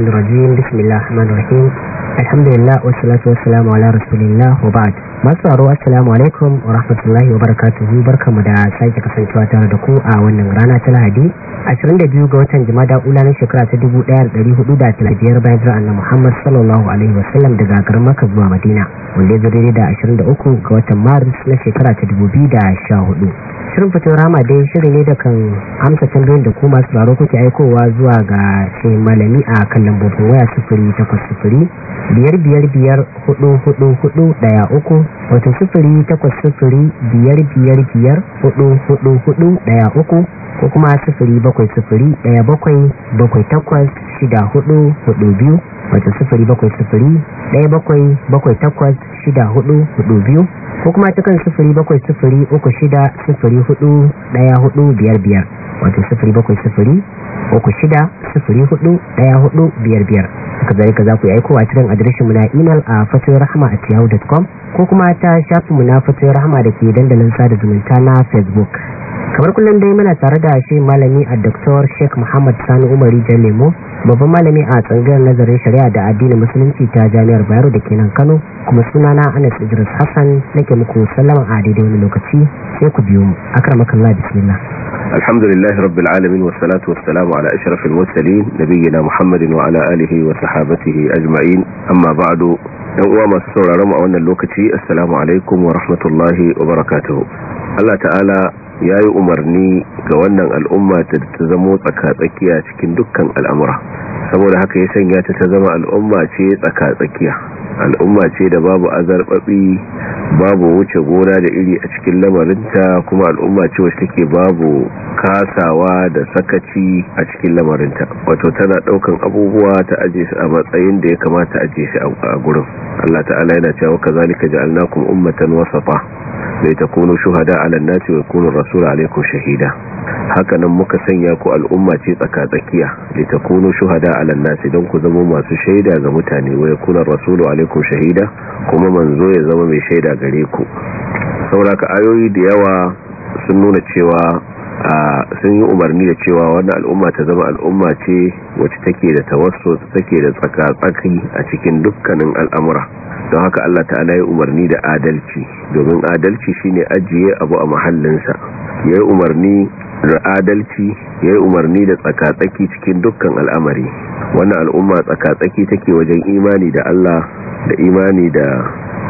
الشيطان الرجيم بسم الله الرحمن الرحيم الحمد لله والصلاة والسلام alaikum wa rahmatullahi wa barka barkamu da sake kasancewa tare da ku a wannan rana ta lahadi biyu ga watan jimada ula na shekara ta dubu da 1435 bayan jira annabi Muhammad sallallahu alaihi wasallam Da garin maka zuwa Madina wanda ya zo da 23 ga watan Maris na shekara ta hudu? shirin fito rama dai shiri ne da kan amsa tambayoyin da kuma su baro kuke aikowa zuwa ga sai malami a kan lambobin waya sufuri takwas sufuri biyar biyar biyar hudu hudu hudu daya uku wata sufuri takwas sufuri biyar biyar biyar hudu hudu hudu daya uku ko kuma sufuri bakwai sufuri daya bakwai bakwai takwas shida hudu hudu biyu wata sufuri bakwai sufuri daya bakwai bakwai takwas shida hudu hudu biyu ko kuma ta kan sufuri biyar wato suka zari ka za ku yi aikowa cikin adireshin na imel a fatoyarahama at yahoo.com ko kuma ta muna na fatoyarahama da ke dandalin sada zumunta na facebook kamar kullum dai muna tare da shi malami a Dr. Sheikh Muhammad Sani Umari Jalemo babban malami a tsangayar nazarin shari'a da addinin musulunci ta Jami'ar Bayero da kenan Kano kuma sunana Anas Idris Hassan nake muku sallama a daidai wani lokaci sai ku biyo mu akramakallah bismillah alhamdulillah rabbil alamin wassalatu wassalamu ala ashrafil mursalin nabiyina Muhammadin wa ala alihi wa sahbatihi ajma'in amma ba'du dan uwa masu sauraron mu a wannan lokaci assalamu alaikum wa rahmatullahi wa barakatuh Allah ta'ala ya yi umarni ga wannan al'umma ta zamo tsaka-tsakiya cikin dukkan al'amura saboda haka ya sanya ta ta zama al'umma ce tsaka-tsakiya al'umma ce da babu azarbabi babu wuce gona da iri a cikin lamarinta kuma al'umma ce wacce take babu kasawa da sakaci a cikin lamarinta wato tana daukan abubuwa ta aje su a matsayin da ya kamata aje shi a gurin Allah ta'ala yana cewa kazalika ja'alnakum ummatan wasafa bai takunu shuhada 'ala an-nasi wa yakunu rasulu 'alaykum shahida hakanan muka sanya ku al'umma ce tsaka-tsakiya litakunu shuhada shahida ala nasi don ku zama masu shaida ga mutane wa yakuna rasulu alaikum shahida kuma manzo ya zama mai shaida gare ku sauraka ayoyi da yawa sun nuna cewa sun yi umarni da cewa wannan al'umma ta zama al'umma ce wacce take da tawasso take da tsaka-tsaki a cikin dukkanin al'amura don haka Allah ta'ala ya umarni da adalci domin adalci shine ajiye abu a mahallinsa ya yi umarni da adalci ya yi umarni da tsakatsaki cikin dukkan al'amari wannan al'umma tsakatsaki take wajen imani da Allah da imani da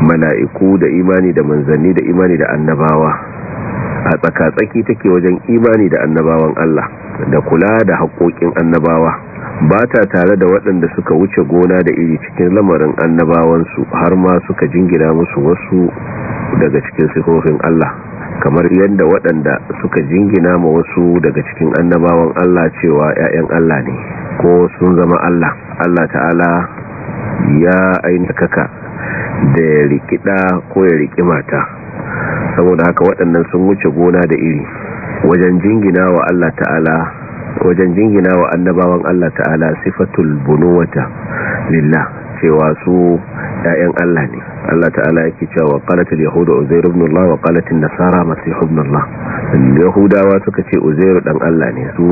mala'iku da imani da manzanni da imani da annabawa a tsakatsaki take wajen imani da annabawan Allah da kula da haƙoƙin annabawa ba ta tare da waɗanda suka wuce gona da iri cikin lamarin annabawansu har ma suka jingina musu wasu daga cikin sifofin Allah kamar yadda waɗanda suka jingina ma wasu daga cikin annabawan Allah cewa ‘ya'yan Allah ne ko sun zama Allah Allah ta'ala ya kaka da ya rikida ko ya riki mata saboda haka waɗannan sun wuce gona da iri wajen jingina wa Allah ta'ala wajen jingina wa annabawan Allah ta'ala sifatul bunuwata lillah cewa su ‘ya'yan Allah ne Allah ta'ala yake cewa ƙalatul yahuda uzair ibn Allah wa ƙalatul nasara masihu ibn Allah yahudawa suka ce uzair dan Allah ne su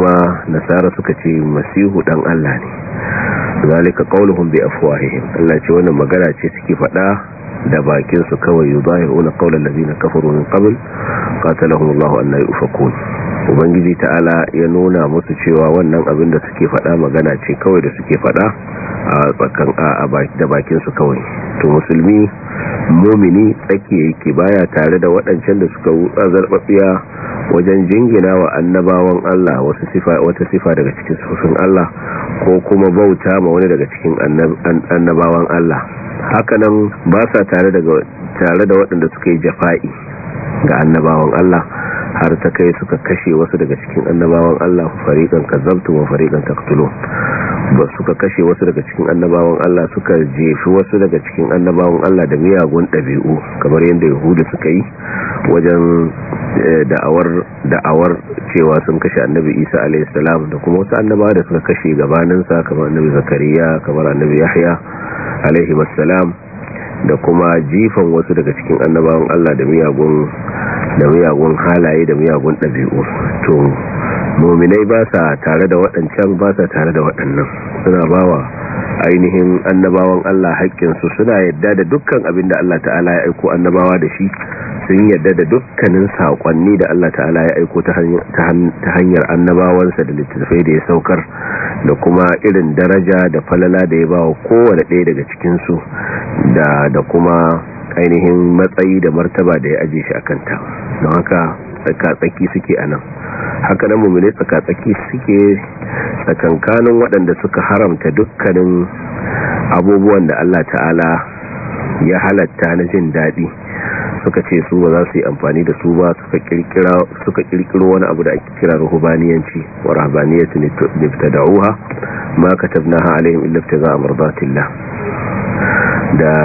nasara suka ce masihu dan Allah ne zalika qauluhum bi afwahihim Allah ce wannan magana ce suke faɗa da bakin su kawai yuzahiruna qawlan na kafaru min qabl qatalahum Allah an la yufakun ubangiji ta'ala ya nuna musu cewa wannan abin da suke fada magana ce kawai da suke fada a tsakan da bakin su kawai to musulmi mumini tsaki yake baya tare da waɗancan da suka wutsa zarbabiya wajen jingina wa annabawan Allah wasu sifa wata sifa daga cikin sufin Allah ko kuma bauta ma wani daga cikin annabawan Allah hakanan ba sa tare da waɗanda suka yi jafa'i ga annabawan Allah har ta kai suka kashe wasu daga cikin annabawan Allah fariqan kazzabtum wa fariqan taqtulun ba suka kashe wasu daga cikin annabawan Allah suka jefi wasu daga cikin annabawan Allah da miyagun dabi'u kamar yadda yahudu suka yi wajen eh, da'awar da'awar cewa sun kashe annabi Isa alayhi salam da kuma wasu annabawa da suka kashe gabanin sa kamar annabi Zakariya kamar annabi Yahya alayhi da kuma jifan wasu daga cikin annabawan Allah da miyagun da miyagun halaye da miyagun ɗabi'u to mominai ba sa tare da waɗancan ba sa tare da waɗannan suna bawa ainihin annabawan Allah haƙƙinsu suna yadda da dukkan abin da Allah ta'ala ya aiko annabawa da shi sun yadda da dukkanin saƙonni da Allah ta'ala ya aiko ta hanyar annabawansa da littattafai da ya saukar da kuma irin daraja da falala da ya ba wa kowane ɗaya daga cikinsu da kuma ainihin matsayi da martaba da ya aje shi a kanta don haka tsakatsaki suke a nan haka nan mummune tsakatsaki suke tsakankanin waɗanda suka haramta dukkanin abubuwan da Allah ta'ala ya halatta na jin daɗi suka ce su ba za su yi amfani da su ba suka kirkiro wani abu da ake kira ruhubaniyanci wa rahabaniyyatu da'uwa ma ka katabnaha alaihim za a mardatillah da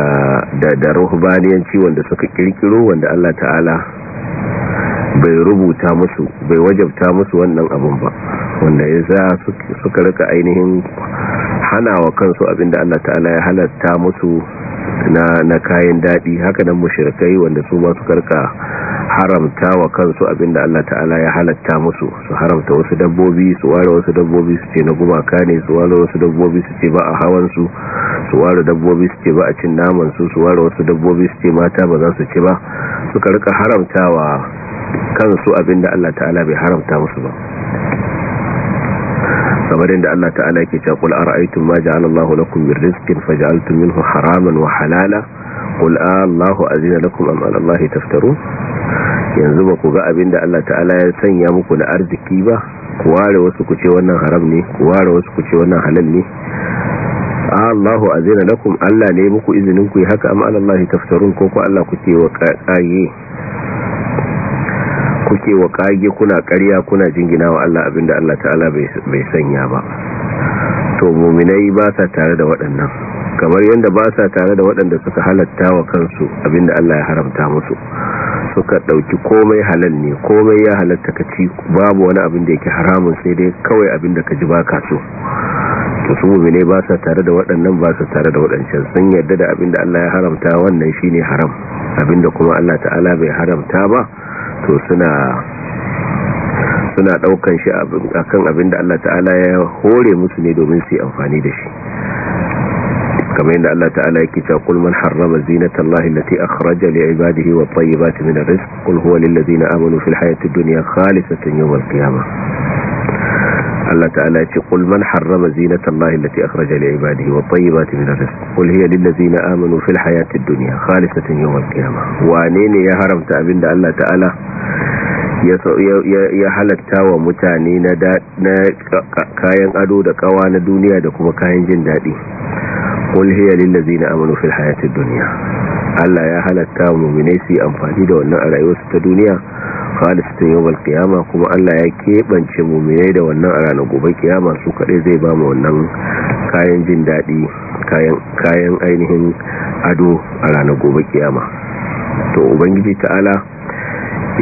da ruhbaniyanci wanda suka kirkiro wanda Allah ta'ala bai rubuta musu bai wajabta musu wannan abun ba wanda ya za suka rika ainihin hana wa kansu abinda Allah ta'ala ya halatta musu na na kayan dadi hakanan nan mushrikai wanda su ma su karka haramta wa kansu abinda Allah ta'ala ya halatta musu su haramta wasu dabbobi su ware wasu dabbobi su ce na gumaka ne su ware wasu dabbobi su ce ba a hawan su su ware dabbobi su ce ba a cin naman su su ware wasu dabbobi su ce mata ba za su ci ba su karka haramtawa kansu abinda Allah ta'ala bai haramta musu ba kamar yadda Allah ta'ala yake cewa qul ara'aytum ma ja'ala Allahu lakum min rizqin faj'altum minhu haraman wa halala qul Allahu azina lakum am 'ala Allahi taftarun yanzu ba ku ga abinda Allah ta'ala ya sanya muku na arziki ba ku ware wasu ku ce wannan haram ne ku ware wasu ku ce wannan halal ne Allahu azina lakum Allah ne muku izinin ku yi haka am 'ala Allahi taftarun ko ku Allah kuke wa ƙaƙaye kuke wa kage kuna ƙarya kuna jingina wa Allah abinda Allah ta'ala bai sanya ba to muminai ba sa tare da waɗannan kamar yadda ba sa tare da waɗanda suka halatta wa kansu abinda Allah ya haramta musu suka ɗauki komai halal ne komai ya halatta ka ci babu wani abin da yake haramun sai dai kawai abinda ka ji baka so to su muminai ba sa tare da waɗannan ba sa tare da waɗancan sun yarda da abinda Allah ya haramta wannan shine haram abinda kuma Allah ta'ala bai haramta ba to suna suna daukan shi akan abin da Allah ta'ala ya hore musu ne domin su yi amfani da shi kamar yadda Allah ta'ala yake cewa kul man harrama zinatallahi allati akhraja li ibadihi wa tayyibati min arrizq kul huwa lil ladzina amanu fil hayati dunya khalisatan yawm al qiyamah Allah ta'ala ya ce qul man harrama zinatallahi allati akhraja li ibadihi wa tayyibati min rizq qul hiya lil ladzina amanu fil hayati dunya khalisatan yawm al qiyamah wane ne ya haramta abinda Allah ta'ala ya halatta wa mutane na kayan ado da kawa na duniya da kuma kayan jin daɗi ƙul hiya lillazi na amanu fil hayatid duniya Allah ya halatta wa mummune su amfani da wannan a rayuwarsu ta duniya khalisatan yawal kiyama kuma Allah ya keɓance mu'minai da wannan a ranar gobe kiyama su kadai zai ba mu wannan kayan jin daɗi kayan ainihin ado a ranar gobe kiyama to ubangiji ta'ala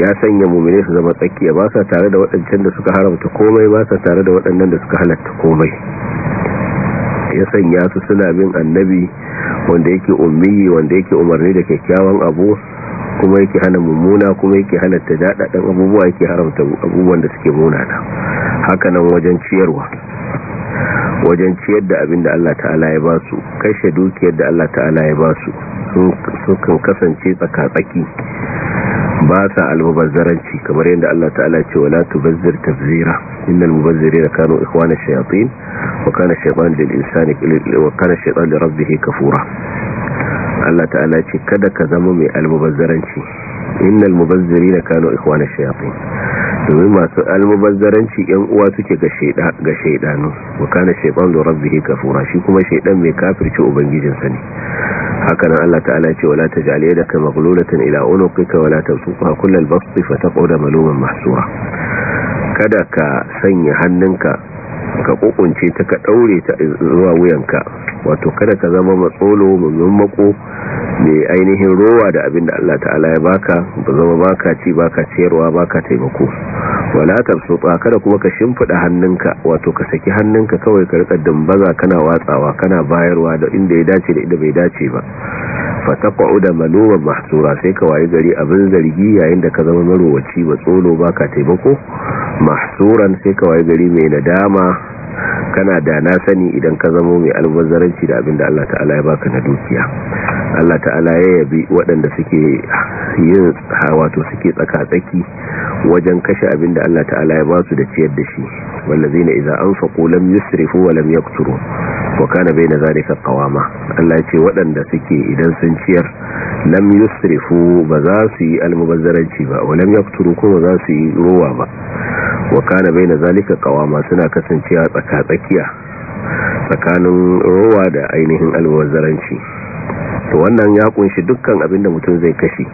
ya sanya mummune su zama tsakiya ba sa tare da waɗancan da suka haramta komai ba sa tare da waɗannan da suka halatta komai ya sanya su suna bin annabi wanda yake ummiyi wanda yake umarni da kyakkyawan abu kuma yake hana mummuna kuma yake hana tajadadan abubuwa yake haramta abubuwan da suke munana haka nan wajen ciyarwa wajen ciyar da abin da Allah ta'ala ya ba su kashe dukiyar da Allah ta'ala ya ba su sukan kasance tsakatsaki ba sa almubazzaranci kamar yadda Allah ta'ala ce wala tubazzir tabzira innal mubazzirina kanu ikhwana shayatin wa kana shaytanu lil insani wa kana shaytanu li rabbih kafura Allah ta'ala ce kada ka zama mai almubazzaranci innal mubazzirina kanu ikhwana shayatin domin masu almubazzaranci yan uwa suke ga sheda ga shedanu wa kana shaytan da rabbihi kafura shi kuma shaydan mai kafirci sa ne haka nan Allah ta'ala ce wala taj'al yadaka maghlulatan ila unuqika wala tabsuqha kullal basti fataqud maluman mahsura kada ka sanya hannunka ka kokunce ta ka daure ta zuwa wuyanka wato kada ka zama matsolo mummun mako mai ainihin rowa da abin da Allah ta'ala ya baka ba zama baka ci baka ciyarwa baka taimako wala tabsuta kada kuma ka shimfida hannunka wato ka saki hannunka kawai ka rika dambaza kana watsawa kana bayarwa da inda ya dace da inda bai dace ba fataqauda maluma mahsura sai ka wayi gari abin zargi yayin da ka zama marowaci ba tsolo ka taimako mahsuran sai ka wayi gari mai nadama kana da na sani idan ka zama mai albazaranci da abin da Allah ta'ala ya baka na dukiya Allah ta'ala ya yabi waɗanda suke yin hawa to suke tsaka-tsaki wajen kashe abin da Allah ta'ala ya ba su da ciyar da shi wallazi na iza an faƙo lam yusrifu wa lam yakturu wa kana bai na zalika qawama Allah ce waɗanda suke idan sun ciyar lam yusrifu ba za su yi almubazzaranci ba wa lam yakturu kuma za su yi ruwa ba wa kana bai na zalika qawama suna kasancewa tsaka-tsakiya tsakanin ruwa da ainihin almubazzaranci to wannan ya kunshi dukkan abinda mutum zai kashe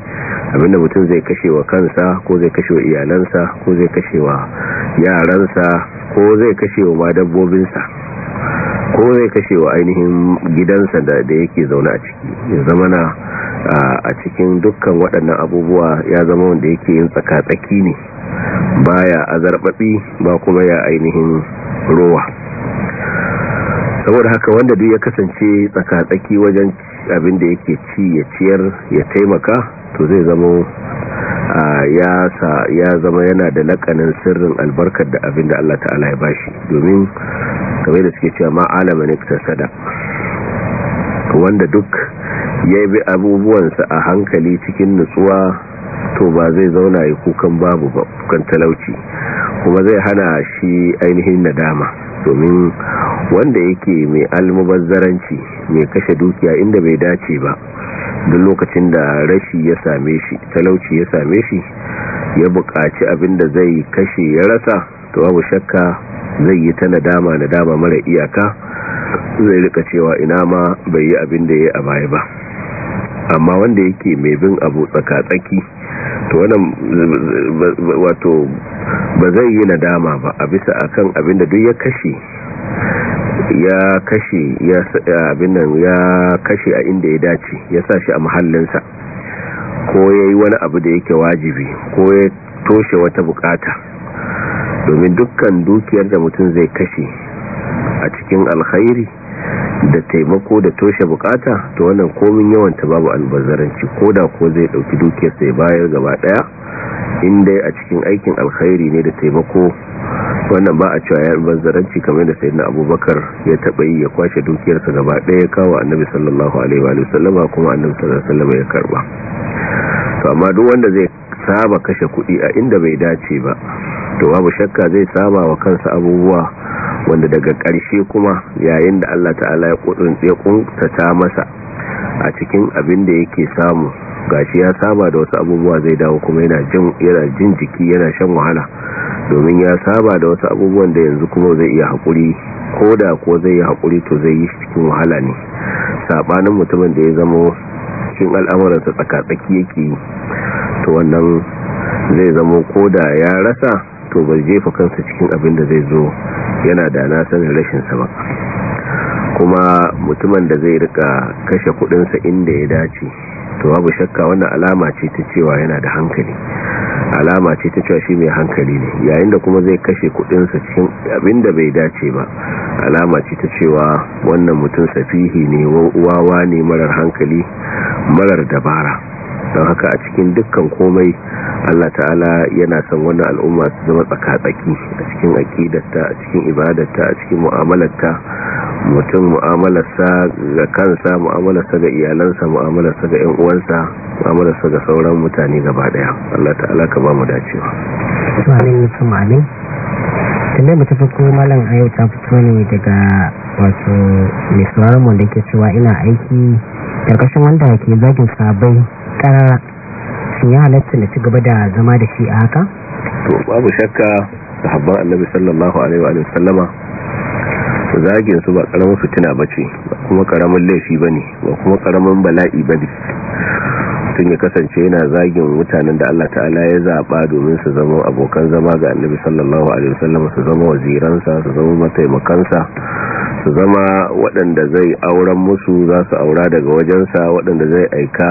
abinda mutum zai kashe wa kansa ko zai kashe wa iyalansa ko zai kashe wa yaransa ko zai kashe wa ma dabbobinsa ko zai kashe wa ainihin gidansa da yake zaune a ciki ya zama na a cikin dukkan waɗannan abubuwa ya zama wanda yake yin tsakatsaki ne baya azarbabi ba kuma ya ainihin rowa saboda haka wanda duk ya kasance tsakatsaki tsaki wajen abin da yake ci ya ciyar ya taimaka to zai zama ya zama yana da lakanin sirrin albarkar da abin da Allah ta'ala ya bashi domin kamar da suke cewa ma'alama ne sada wanda duk ya bi abubuwansa a hankali cikin nutsuwa to ba zai zauna ya kukan babu ba kukan talauci kuma zai hana shi ainihin nadama domin wanda yake mai almubazzaranci mai kashe dukiya inda bai dace ba duk lokacin da rashi ya same shi talauci ya same shi ya buƙaci abin da zai kashe ya rasa to babu shakka zai yi ta nadama nadama mara iyaka zai rika cewa ina ma bai yi abin da ya yi a baya ba amma wanda yake mai bin abu tsaka-tsaki to wannan wato ba zai yi nadama ba a bisa akan abinda duk ya kashe ya kashe ya abin ya kashe a inda ya dace ya sa shi a mahallinsa ko ya yi wani abu da yake wajibi ko ya toshe wata bukata domin dukkan dukiyar da mutum zai kashe a cikin alkhairi da taimako da toshe bukata to wannan komin yawan ta babu albazaranci ko da ko zai dauki dukiyar sai bayar gaba daya inda a cikin aikin alkhairi ne da taimako wannan ba a cewa ya albazaranci kamar da sayyidina abubakar ya taba yi ya kwashe dukiyarsa gaba daya kawo annabi sallallahu alaihi wa sallama kuma annabi sallallahu alaihi wa sallama ya karba to amma duk wanda zai saba kashe kuɗi a inda bai dace ba to babu shakka zai saba wa kansa abubuwa wanda daga ƙarshe kuma yayin da Allah ta'ala ya kudin kuntata masa a cikin abin da yake samu gashi ya saba da wasu abubuwa zai dawo kuma yana jin yana jin jiki yana shan wahala domin ya saba da wasu abubuwan da yanzu kuma zai iya hakuri ko da ko zai yi hakuri to zai yi cikin wahala ne sabanin mutumin da ya zama cikin al'amuran sa tsaka tsaki yake to wannan zai zama ko da ya rasa to bai jefa kansa cikin abin da zai zo yana da na sanin sa ba kuma mutumin da zai rika kashe kudinsa inda ya dace to babu shakka wannan alama ce ta cewa yana da hankali alama ce ta cewa shi mai hankali ne yayin da kuma zai kashe kudinsa cikin abin da bai dace ba alama ce ta cewa wannan mutum safihi ne wawa ne marar hankali marar dabara don haka a cikin dukkan komai Allah ta'ala yana san wannan al'umma su zama tsakatsaki a cikin aqidarta a cikin ibadarta a cikin mu'amalarta mutum mu'amalarsa ga kansa mu'amalarsa ga iyalansa mu'amalarsa ga ƴan uwansa mu'amalarsa ga sauran mutane gaba daya Allah ta'ala ka ba mu dacewa amin amin tambayar ta ko malam a ta fito ne daga wato mai sauraron wanda ke cewa ina aiki ƙarƙashin wanda ke zagin sabai karara shi ya halatta na ci gaba da zama da shi a haka? to babu shakka sahabban annabi sallallahu alaihi wa sallama zagin su ba karamin fitina bace ba kuma karamin laifi ba ne, ba kuma karamin bala'i ba ne, sun ya kasance yana zagin mutanen da Allah ta'ala ya zaɓa domin su zama abokan zama ga annabi sallallahu alaihi wasallam su zama waziransa su zama mataimakansa su zama waɗanda zai auren musu za su aura daga wajensa waɗanda zai aika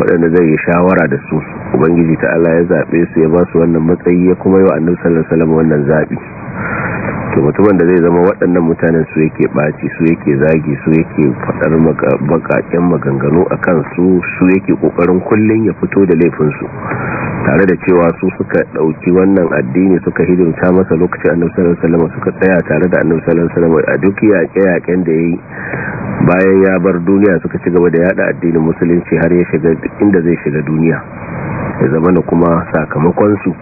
waɗanda zai yi shawara da su ubangiji ta Allah ya zaɓe su ya ba su wannan matsayi ya kuma yi wa annabi sallallahu wannan zaɓi to mutumin da zai zama waɗannan mutanen su yake ɓaci su yake zagi su yake faɗar baƙaƙen maganganu a kan su su yake ƙoƙarin kullum ya fito da laifinsu tare da cewa su suka ɗauki wannan addini suka hidimta masa lokacin annabi salama suka tsaya tare da annabi salama a duk yaƙe-yaƙen da yi. bayan ya bar duniya suka ci gaba da yada addinin musulunci har ya shiga inda zai shiga duniya ya zama da kuma sakamakonsu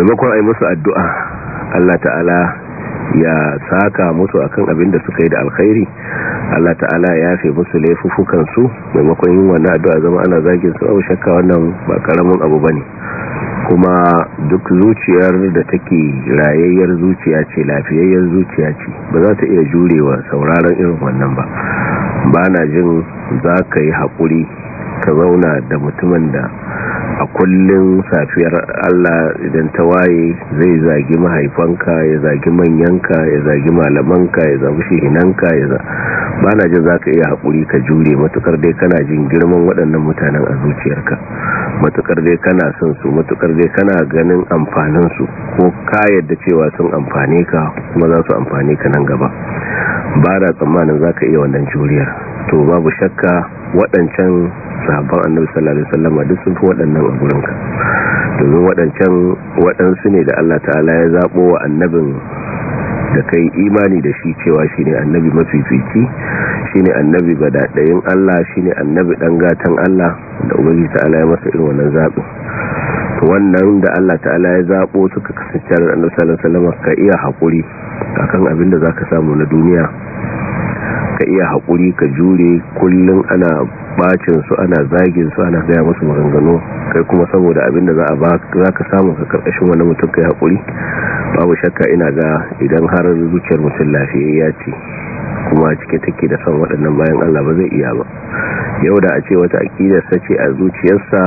maimakon ai musu addu'a Allah ta'ala ya saka musu akan abin da suka yi da alkhairi Allah ta'ala ya fi musu laifufukansu maimakon yin wannan addu'a zama ana zagin su abu shakka wannan ba karamin abu bane kuma duk zuciyar da take rayayyar zuciya ce lafiyayyar zuciya ce ba za ta iya jurewa sauraron irin wannan ba ba na jin za ka yi haƙuri ka zauna da mutumin da a kullum safiyar Allah idan ta waye zai zagi mahaifanka ya zagi manyanka ya zagi malamanka ya zagi shehinanka ya ba na jin za ka iya haƙuri ka jure matukar dai kana jin girman waɗannan mutanen a zuciyarka matukar dai kana son su matukar dai kana ganin amfaninsu ko ka yadda cewa sun amfane ka kuma za su amfane ka nan gaba ba da tsammanin za ka iya wannan juriyar to babu shakka waɗancan sahabban annabi sallallahu alaihi wasallam duk sun fi waɗannan a gurinka domin waɗancan waɗansu ne da Allah ta'ala ya zabo wa annabin da kai imani da shi cewa shine annabi mafifici shine annabi badadayin Allah shine annabi dan gatan Allah da ubangi ta'ala ya masa irin wannan zabi wannan da Allah ta'ala ya zaɓo suka kasance da annabi sallallahu alaihi wasallam ka iya hakuri akan abin da zaka samu na duniya ka iya haƙuri ka jure kullum ana bacin su ana zagin su ana gaya musu maganganu kai kuma saboda abin da za ka samu ka karkashin wani mutum ka yi haƙuri babu shakka ina ga idan har zuciyar mutum lafiyayya ce kuma cike take da son waɗannan bayan Allah ba zai iya ba yau da a ce wata sa ce a zuciyarsa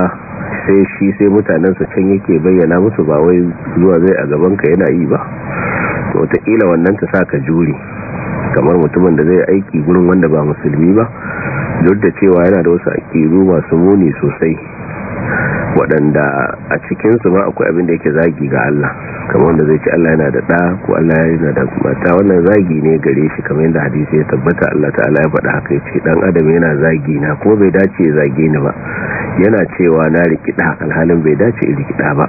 sai shi sai mutanensa can yake bayyana musu ba wai zuwa zai a gabanka yana yi ba wataƙila wannan ta sa ka jure kamar mutumin da zai aiki gurin wanda ba musulmi ba duk da cewa yana da wasu aƙiru masu muni sosai waɗanda a cikinsu ma akwai abin da yake zagi ga Allah kamar wanda zai ci Allah yana da ɗa ko Allah yana da mata wannan zagi ne gare shi kamar yadda hadisi ya tabbata Allah ta'ala ya faɗa haka ya ce ɗan adam yana zagi na ko bai dace ya zage ni ba yana cewa na rikiɗa alhalin bai dace ya rikiɗa ba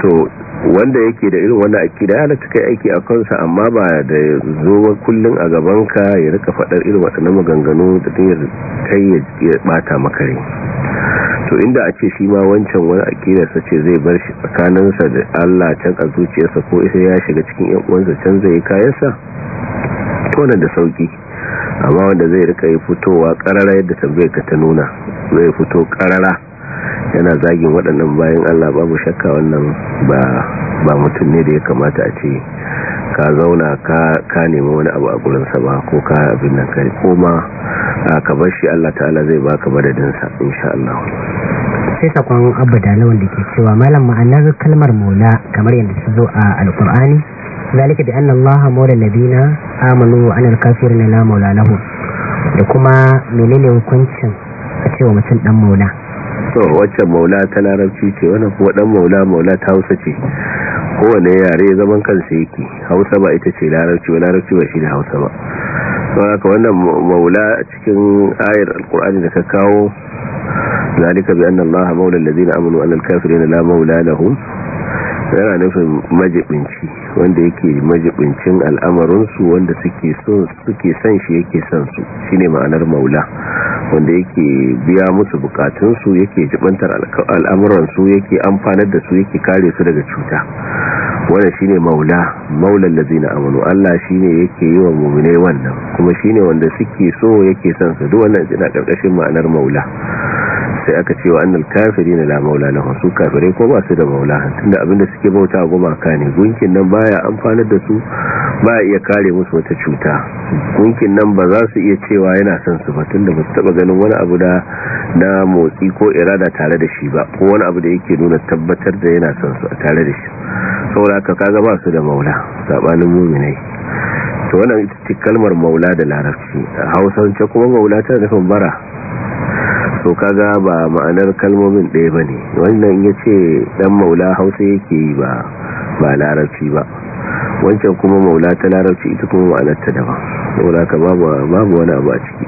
to wanda yake da irin wanda akida ya halatta kai aiki a kansa amma ba da zo kullum a gabanka ya rika faɗar irin waɗannan maganganu da ta kai ya bata makare to inda a ce shi ma wancan wani akidarsa ce zai bar shi tsakaninsa da Allah can a zuciyarsa ko isa ya shiga cikin yan uwansa can zai kayansa to da sauki amma wanda zai rika yi fitowa karara yadda tambayar ka ta nuna zai fito karara yana zagin waɗannan bayan Allah babu shakka wannan ba mutum ne da ya kamata a ce ka zauna ka nemi wani abu a gurinsa ba ko ka abin nan kai koma ka bar shi Allah ta'ala zai baka madadinsa insha Allah sai sakon abu da lawan da ke cewa malam ma'anar kalmar maula kamar yadda su zo a alkur'ani zalika bi anna allaha maula nabina amalu wa anal kafirina la maula lahu da kuma menene hukuncin a cewa mutum dan maula to waccan maula ta larabci ce wannan kuma dan maula maula ta hausa ce kowane yare zaman kansa yake hausa ba ita ce larabci ba larabci ba shi da hausa ba don haka wannan maula cikin ayar alkur'ani da ka kawo zalika bi anna allaha maula allazina amanu annal kafirin la maula lahum yana nufin majibinci wanda yake majibincin al'amarinsu wanda suke son shi yake son su shine ma'anar maula wanda yake biya musu bukatunsu yake jibantar al'amuransu yake amfanar da su yake kare su daga cuta wanda shine maula maulan lazina amanu Allah shine yake yi wa mu'mine wannan kuma shine wanda suke so yake son su duk wannan yana karkashin ma'anar maula sai aka ce wa annal ne la maula na su kafirai ko ba su da maula tunda abinda suke bauta gumaka ne gunkin nan baya amfanar da su ba iya kare musu wata cuta gunkin nan ba za su iya cewa yana son su ba tunda ba su taba ganin wani abu da na motsi ko irada tare da shi ba ko wani abu da yake nuna tabbatar da yana son su tare da shi saboda ka kaga ba su da maula sabanin mu'minai to wannan ita ce kalmar maula da larabci a hausance kuma maula ta nufin bara to kaga ba ma'anar kalmomin ɗaya ba ne wannan ya ce ɗan maula hausa yake yi ba ba larabci ba wancan kuma maula ta larabci ita kuma ma'anarta daban maula ka babu wani abu a ciki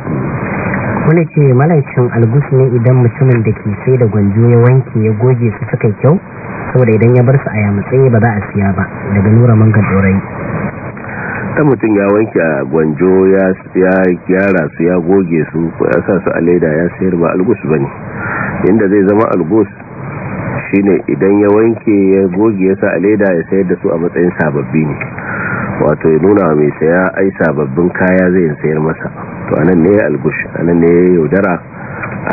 wani ce malancin algus ne idan mutumin da ke sai da gwanjo ya wanke ya goge su suka kyau saboda idan ya bar su a yamatsayi ba za a siya ba daga nura mangan dan mutum ya wanke a gwanjo ya gyara su ya goge su ko ya sa su a leda ya sayar ba algus ne inda zai zama algus ne idan ya wanke ya goge ya sa a leda ya sayar da su a matsayin sababbi ne wato ya nuna mai saya ai sababbin kaya zai sayar masa to anan ne ya algush anan ne ya yaudara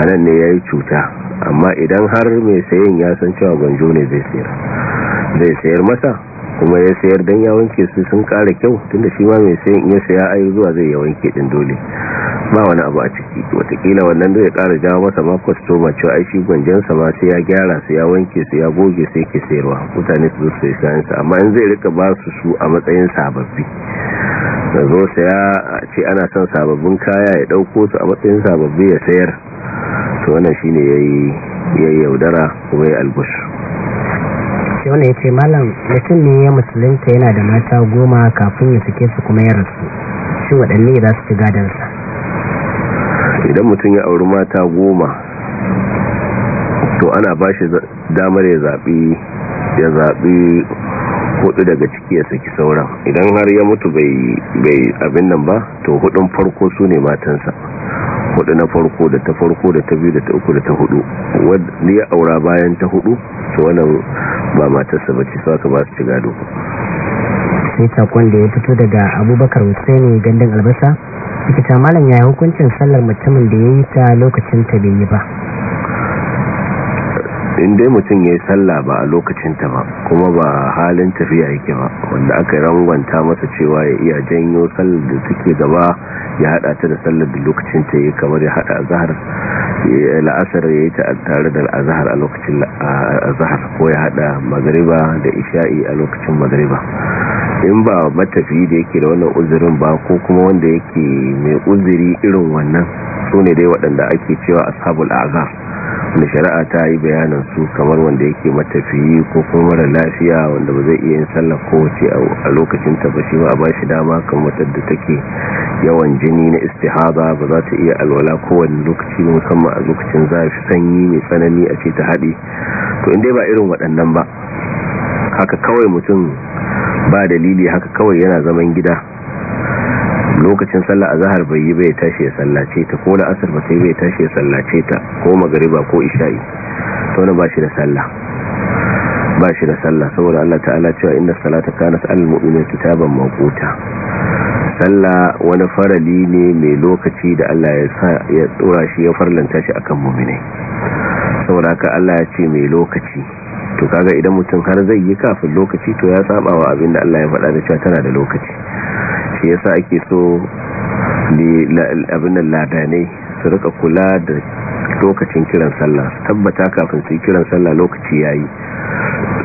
anan ne ya yi cuta amma idan har mai sayen ya san cewa gwanjo ne zai sayar masa kuma ya sayar dan ya wanke su sun kara kyau tunda shi ma mai sayan ya saya ai zuwa zai ya wanke din dole ba wani abu a ciki watakila wannan da ya kara jawo masa ma kwastoma cewa ai shi gwanjan sa ma sai ya gyara su ya wanke su ya goge sai ke sayarwa mutane su zo sayan sa amma in zai rika ba su su a matsayin sababbi da zo saya a ce ana son sababbin kaya ya dauko su a matsayin sababbi ya sayar to wannan shine yayi yaudara kuma ya albusu. sai wannan ya ce malam mutum ne ya musulunta yana da mata goma kafin ya suke su kuma ya rasu shi waɗanne za su ci gadansa idan mutum ya auri mata goma to ana ba shi damar ya zaɓi ya zaɓi hudu daga ciki ya saki sauran idan har ya mutu bai abin nan ba to hudun farko su ne matansa hudu na farko da ta farko da ta biyu da ta uku da ta hudu wadda ya aura bayan ta hudu to wannan ba matarsa ba ce saka ba su ci gado sai sakon da ya fito daga abubakar ne gandun albasa likita malam ya yi hukuncin sallar mutumin da ya yi ta lokacin ta bai yi ba in dai mutum ya yi sallah ba a ta ba kuma ba halin tafiya yake ba wanda aka rangwanta masa cewa ya iya janyo sallar da suke gaba ya hada ta da sallar da lokacin ta yi kamar ya hada azahar la'asar ya yi ta tare da azhar a lokacin ko ya hada magariba da isha'i a lokacin magariba in ba matafi da yake da wannan uzurin ba ko kuma wanda yake mai uzuri irin wannan su ne dai waɗanda ake cewa ashabul azhar da shari'a ta yi bayanan su kamar wanda yake matafiyi ko kuma mara lafiya wanda ba zai iya yin sallar kowace a lokacin ta ba shi ba a ba shi dama kan watar da take yawan jini na istihaba ba za ta iya alwala kowane lokaci musamman a lokacin zafi sanyi mai tsanani a ce ta haɗe to inda ba irin waɗannan ba haka kawai mutum ba dalili haka kawai yana zaman gida lokacin sallah a zahar bai yi bai tashi ya sallace ta ko na ba sai bai tashi ya sallace ta ko magariba ko isha'i to ne ba shi da sallah ba shi da sallah saboda Allah ta'ala cewa inna salata kanat alal mu'minina kitaban mawquta sallah wani farali ne mai lokaci da Allah ya sa ya tsora shi ya farlanta shi akan mu'minai saboda haka Allah ya ce mai lokaci to kaga idan mutum har zai yi kafin lokaci to ya saba wa abin Allah ya faɗa da cewa tana da lokaci shi yasa ake so abin da ladanai su rika kula da lokacin kiran sallah tabbata kafin su kiran sallah lokaci ya yi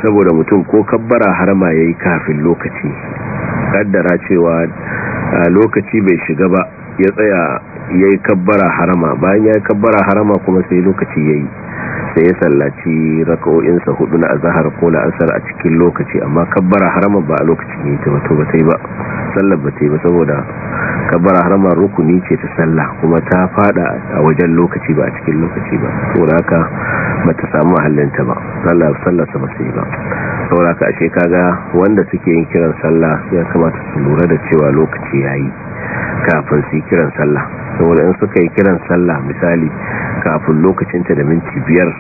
saboda mutum ko kabbara harama yi kafin lokaci kaddara cewa a lokaci bai shiga ba ya tsaya ya yi kabbara harama bayan ya yi kabbara harama kuma sai lokaci ya yi. sai ya sallaci raka'o'insa hudu na azahar ko na la'asar a cikin lokaci amma kabbara harama ba a lokacin yi ta wato ba ba sallar ba ba saboda kabbara harama rukuni ce ta sallah kuma ta fada a wajen lokaci ba a cikin lokaci ba saboda haka ba ta samu halinta ba sallar sallar ba ta yi ba saboda haka ashe kaga wanda suke yin kiran sallah ya kamata su lura da cewa lokaci yayi kafin su yi kiran sallah saboda in suka yi kiran sallah misali kafin lokacinta da minti biyar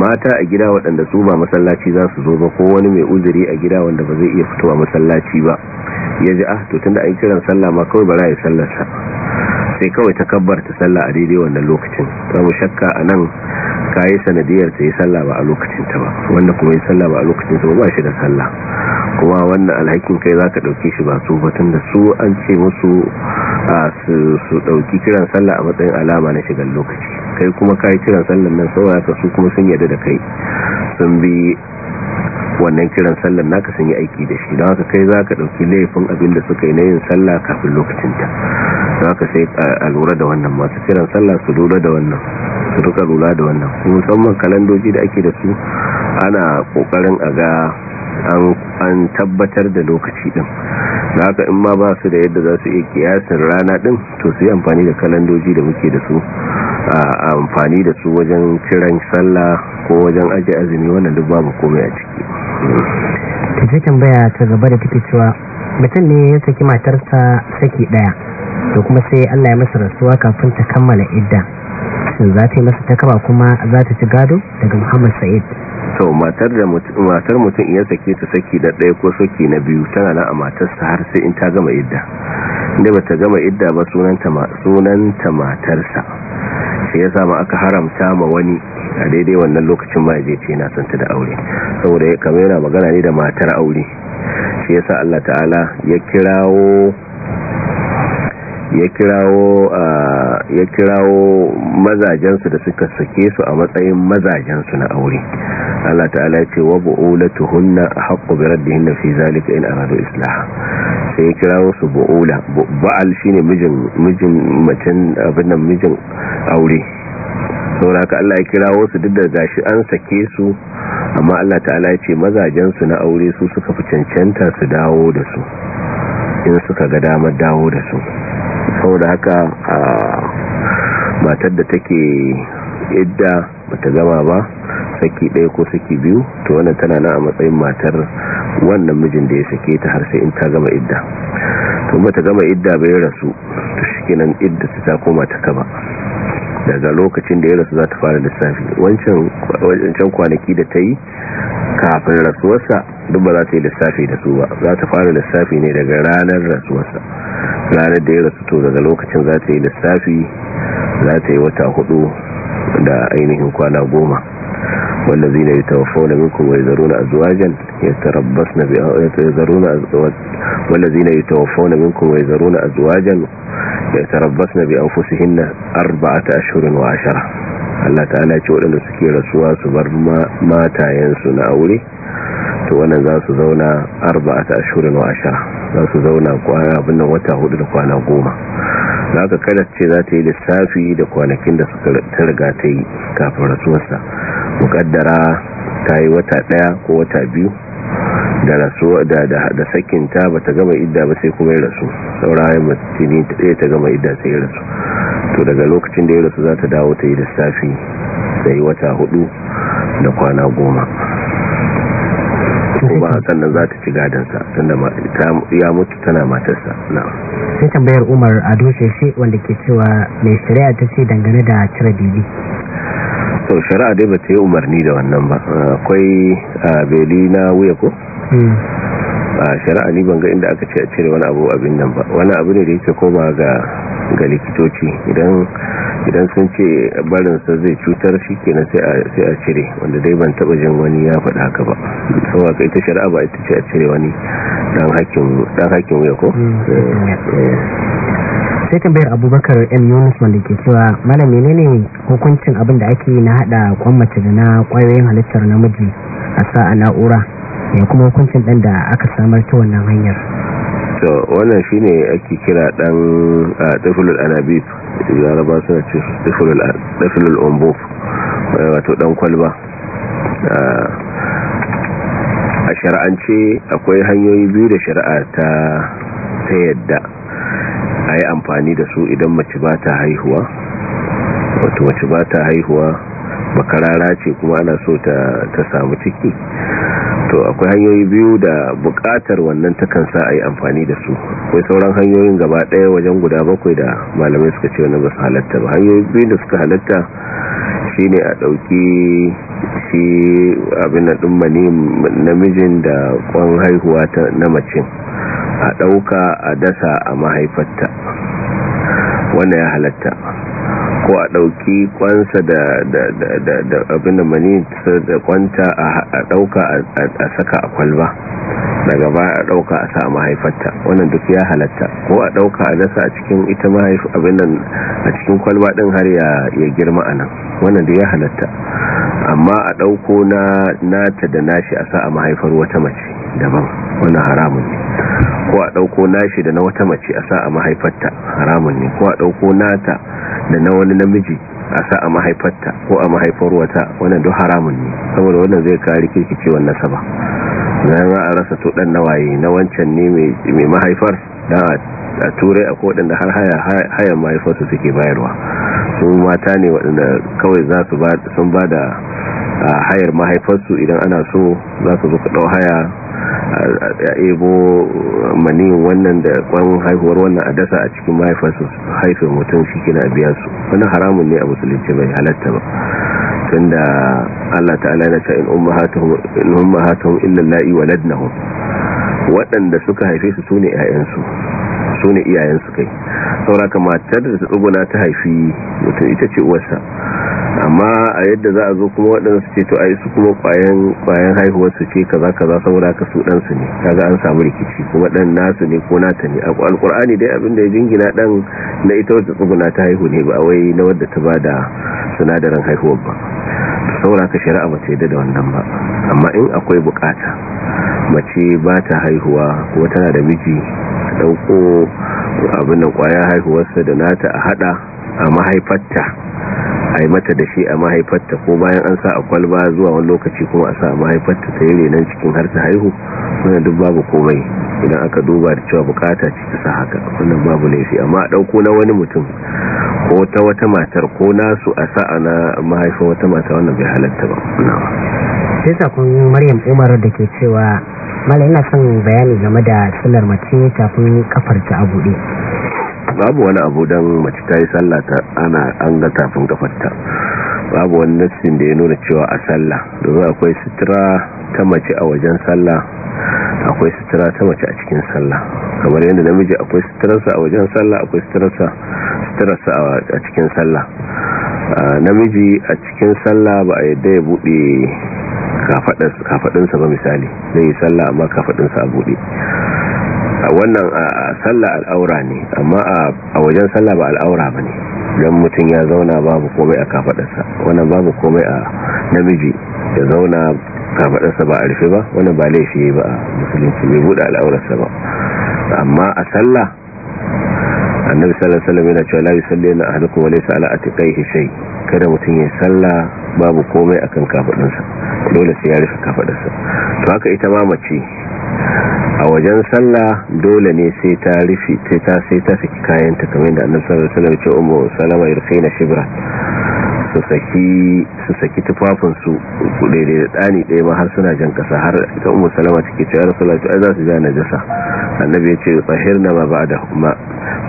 mata a gida waɗanda su ba masallaci za su zo ba ko wani mai uzuri a gida wanda ba zai iya fito fitowa masallaci ba ya ji ah to tunda an kiran sallah ma kawai ba ya sallarsa sai kawai ta kabbarta sallah a daidai wannan lokacin mu shakka a nan ka yi sanadiyar ta yi sallah ba a lokacin ta ba wanda kuma yi sallah ba a lokacin ta ba ba shi da sallah kuma wannan alhakin kai za ka ɗauki shi ba su batun da su an ce musu su ɗauki kiran sallah a matsayin alama na shigar lokaci kai kuma ka yi kiran sallan nan saboda ka su kuma sun yarda da kai sun bi wannan kiran sallar naka sun yi aiki da shi don haka kai za ka ɗauki laifin abinda suka yi na yin sallah kafin lokacin ta don haka sai a lura da wannan masu kiran sallah su lura da wannan su rika lura da wannan musamman kalandoji da ake da su ana ƙoƙarin a ga an tabbatar da lokaci din da haka in ma ba su da yadda za su iya kiyasin rana din to su yi amfani da kalandoji da muke da su a amfani da su wajen kiran sallah ko wajen ajiye azumi wannan duk babu komai a ciki ta tambaya ta gaba da take cewa mutum ne ya saki matarsa saki daya to kuma sai Allah ya masa rasuwa kafin ta kammala idda shin za ta yi masa takaba kuma za ta ci gado daga Muhammad Sa'id to matar mutum iya sake ta saki da ɗaya ko saki na biyu tana na a matarsa har sai in ta gama idda inda ba ta gama idda ba sunanta ta matarsa shi ya sama aka haramta ma wani a daidai wannan lokacin ma je ce na santa da aure saboda ya kama yana magana ne da matar aure shi ya sa Allah ta'ala ya kirawo ya ya kirawo mazajensu da suka sake su a matsayin mazajensu na aure Allah ta'ala ya ce wa bu'ulatuhunna haqqu bi raddihinna fi zalika in aradu islaha sai ya kirawo su bu'ula ba'al shine mijin mijin macen abin nan mijin aure sauraka Allah ya kirawo su duk da gashi an sake su amma Allah ta'ala ya ce mazajen su na aure su suka fi cancanta su dawo da su in suka ga damar dawo da su saboda ah, matar da take idda bata gama ba saki ɗaya ko saki biyu to wannan tana na a matsayin matar wannan mijin da ya sake ta har sai in ta gama idda to ba ta gama idda bai rasu to nan idda ta koma ta kaba daga lokacin da ya rasu za ta fara lissafi wancan kwanaki da ta yi kafin rasuwarsa duk ba za ta yi lissafi da su ba za ta fara lissafi ne daga ranar rasuwarsa ranar da ya rasu to daga lokacin za ta yi lissafi za ta yi wata hudu da ainihin kwana goma والذين يتوفون منكم ويذرون أزواجا يتربصن يذرون والذين يتوفون منكم ويذرون أزواجا يتربصن بأنفسهن أربعة أشهر وعشرة Allah ta'ala ce waɗanda suke rasuwa su bar matayensu na aure to wannan za su zauna Arba'a ta wa ashara za su zauna kwana abin wata hudu da kwana goma za ka kada ce za ta yi lissafi da kwanakin da suka targa ta yi kafin rasuwarsa muƙaddara ta yi wata ɗaya ko wata biyu da sakin da da sakinta ba gama idda ba sai kuma ya rasu saurayen mutane ɗaya ta gama idda sai ya rasu to daga lokacin da ya rasu za ta dawo ta yi lissafi sai wata hudu da kwana goma kuma sannan za ta ci gadansa tunda ya mutu tana matarsa na sai tambayar umar ado shi wanda ke cewa mai shari'a ta ce dangane da cire bibi to shari'a dai ba ta yi umarni da wannan ba akwai beli na wuya ko hmm. a shari'a ni ban ga inda aka ce a cire wani abu abin nan ba wani abu ne da yake koma ga ga likitoci idan sun ce barinsa zai cutar shi kenan sai a cire wanda dai ban taba jin wani ya faɗa haka ba sau ita shari'a ba ita ce a cire wani dan hakin wuya ko hmm. eh, eh. sai tambayar abubakar m yunus wanda ke cewa mana menene hukuncin abin da ake na hada kwan mace da na kwayoyin halittar namiji a sa'a na'ura ya kuma hukuncin dan da aka samar ta wannan hanyar to wannan ne ake kira dan tafilul anabib yaraba suna ce dafilul umbo wato dan kwalba a shari'ance akwai hanyoyi biyu da shari'a ta yadda a yi amfani da su idan mace ba ta haihuwa wato mace ba ta haihuwa makarara ce kuma ana so ta samu ciki to akwai hanyoyi biyu da bukatar wannan takan sa a yi amfani da su akwai sauran hanyoyin gaba ɗaya wajen guda bakwai da malamai suka ce wani ba su halatta ba hanyoyi biyu da suka halatta shi ne a ɗauki shi abin da mani namijin da kwan haihuwa na macin a ɗauka a dasa a mahaifarta wannan ya halatta ko a ɗauki kwansa da abin da mani da kwanta a ɗauka a saka a kwalba daga ba a ɗauka a sa mahaifarta wannan duk ya halatta ko a ɗauka a dasa a cikin ita mahaifu abin nan a cikin kwalba ɗin har ya girma a nan wannan da ya halatta amma a ɗauko na nata da nashi a sa a mahaifar wata mace daban wani haramun ne ko a ɗauko nashi da na wata mace a sa a mahaifarta haramun ne ko a ɗauko nata da na wani namiji a sa a mahaifarta ko a mahaifar wata wani duk haramun ne saboda wannan zai kari wani nasaba na yi a rasa to ɗan nawaye na wancan ne mai mahaifar da a turai a da har hayan mahaifarsu suke bayarwa su mata ne waɗanda kawai za su ba da hayar mahaifarsu idan ana so za su zuka ɗau haya a ebo mani wannan da kwan haihuwar wannan a dasa a cikin mahaifarsu haifin mutum shi kina biya su wani haramun ne a musulunci bai halatta ba tun da allah ta'ala na ta in ummahatuhum illa la'i waladnahum waɗanda suka haife su ne su ne iyayensu kai sauraka matar da ta tsuguna ta haifi mutum ita ce uwarsa amma a yadda za a zo kuma waɗansu ce to a yi su kuma kwayan haihuwar su ce kaza kaza saboda ka su ɗansu ne kaga an samu rikici kuma ɗan nasu ne ko nata ne alƙur'ani dai abin da ya jingina ɗan na ita wata tsuguna ta haihu ne ba wai na wadda ta ba da sinadarin haihuwar ba saboda ka shari'a ba ta da wannan ba amma in akwai bukata mace ba ta haihuwa kuma tana da miji ta ɗauko abin da kwaya haihuwarsa da nata a haɗa a mahaifarta a yi mata da shi a mahaifarta ko bayan an sa a kwalba zuwa wani lokaci kuma a sa a mahaifarta ta yi renon cikin har ta haihu wanda duk babu komai idan aka duba da cewa bukata ce ta sa haka wannan babu laifi amma a ɗauko na wani mutum ko ta wata matar ko nasu a sa na mahaifin wata mata wannan bai halatta ba sai sakon maryam umar da ke cewa mala ina son bayani game da sunar mace kafin kafarta a buɗe babu wani abu don mace ta yi sallata ana an ga tafin kafarta babu wani nassin da ya nuna cewa a sallah domin akwai sutura ta mace a wajen sallah akwai sutura ta mace a cikin sallah kamar yadda namiji akwai suturarsa a wajen sallah akwai suturarsa a cikin sallah namiji a cikin sallah ba a yadda ya buɗe kafaɗinsa ba misali zai yi sallah amma kafaɗinsa a buɗe A wannan a sallah al'aura ne amma a wajen sallah ba al'aura ba ne don mutum ya zauna babu komai a kafadarsa wannan babu komai a namiji ya zauna kafaɗarsa ba a rufe ba wannan ba laifi ya ba a musulunci mai buɗe al'aurarsa ba amma a sallah annabi sallallahu alaihi wasallam yana cewa la yusalli anna ahadukum laysa ala atiqaihi shay kada mutum ya sallah babu komai akan kafaɗarsa. dole sai ya rufe kafaɗarsa. to haka ita ma mace a wajen sallah dole ne sai ta rufe sai ta sai ta saki ta kamar da annabi sallallahu alaihi wasallam ya ce ummu salama irkaina shibra su saki su saki tufafin su daidai da dani da ba har suna jan kasa har ita ummu salama take cewa rasulullahi ai za su ja najasa annabi ya ce tsahirna ma ba'dahu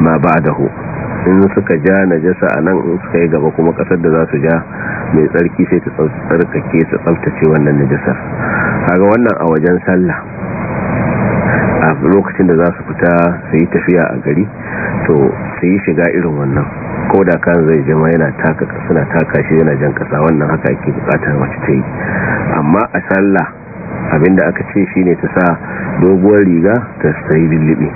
ma ba'dahu in suka ja najasa a nan in suka yi gaba kuma kasar da za su ja mai tsarki sai ta tsarkake su tsaftace wannan najasar kaga wannan a wajen sallah a lokacin da za su fita su yi tafiya a gari to su yi shiga irin wannan ko da kan zai jima yana taka suna taka shi yana jan kasa wannan haka ake bukatar mace ta yi amma a sallah abinda aka ce shi ne ta sa doguwar riga ta sayi lullube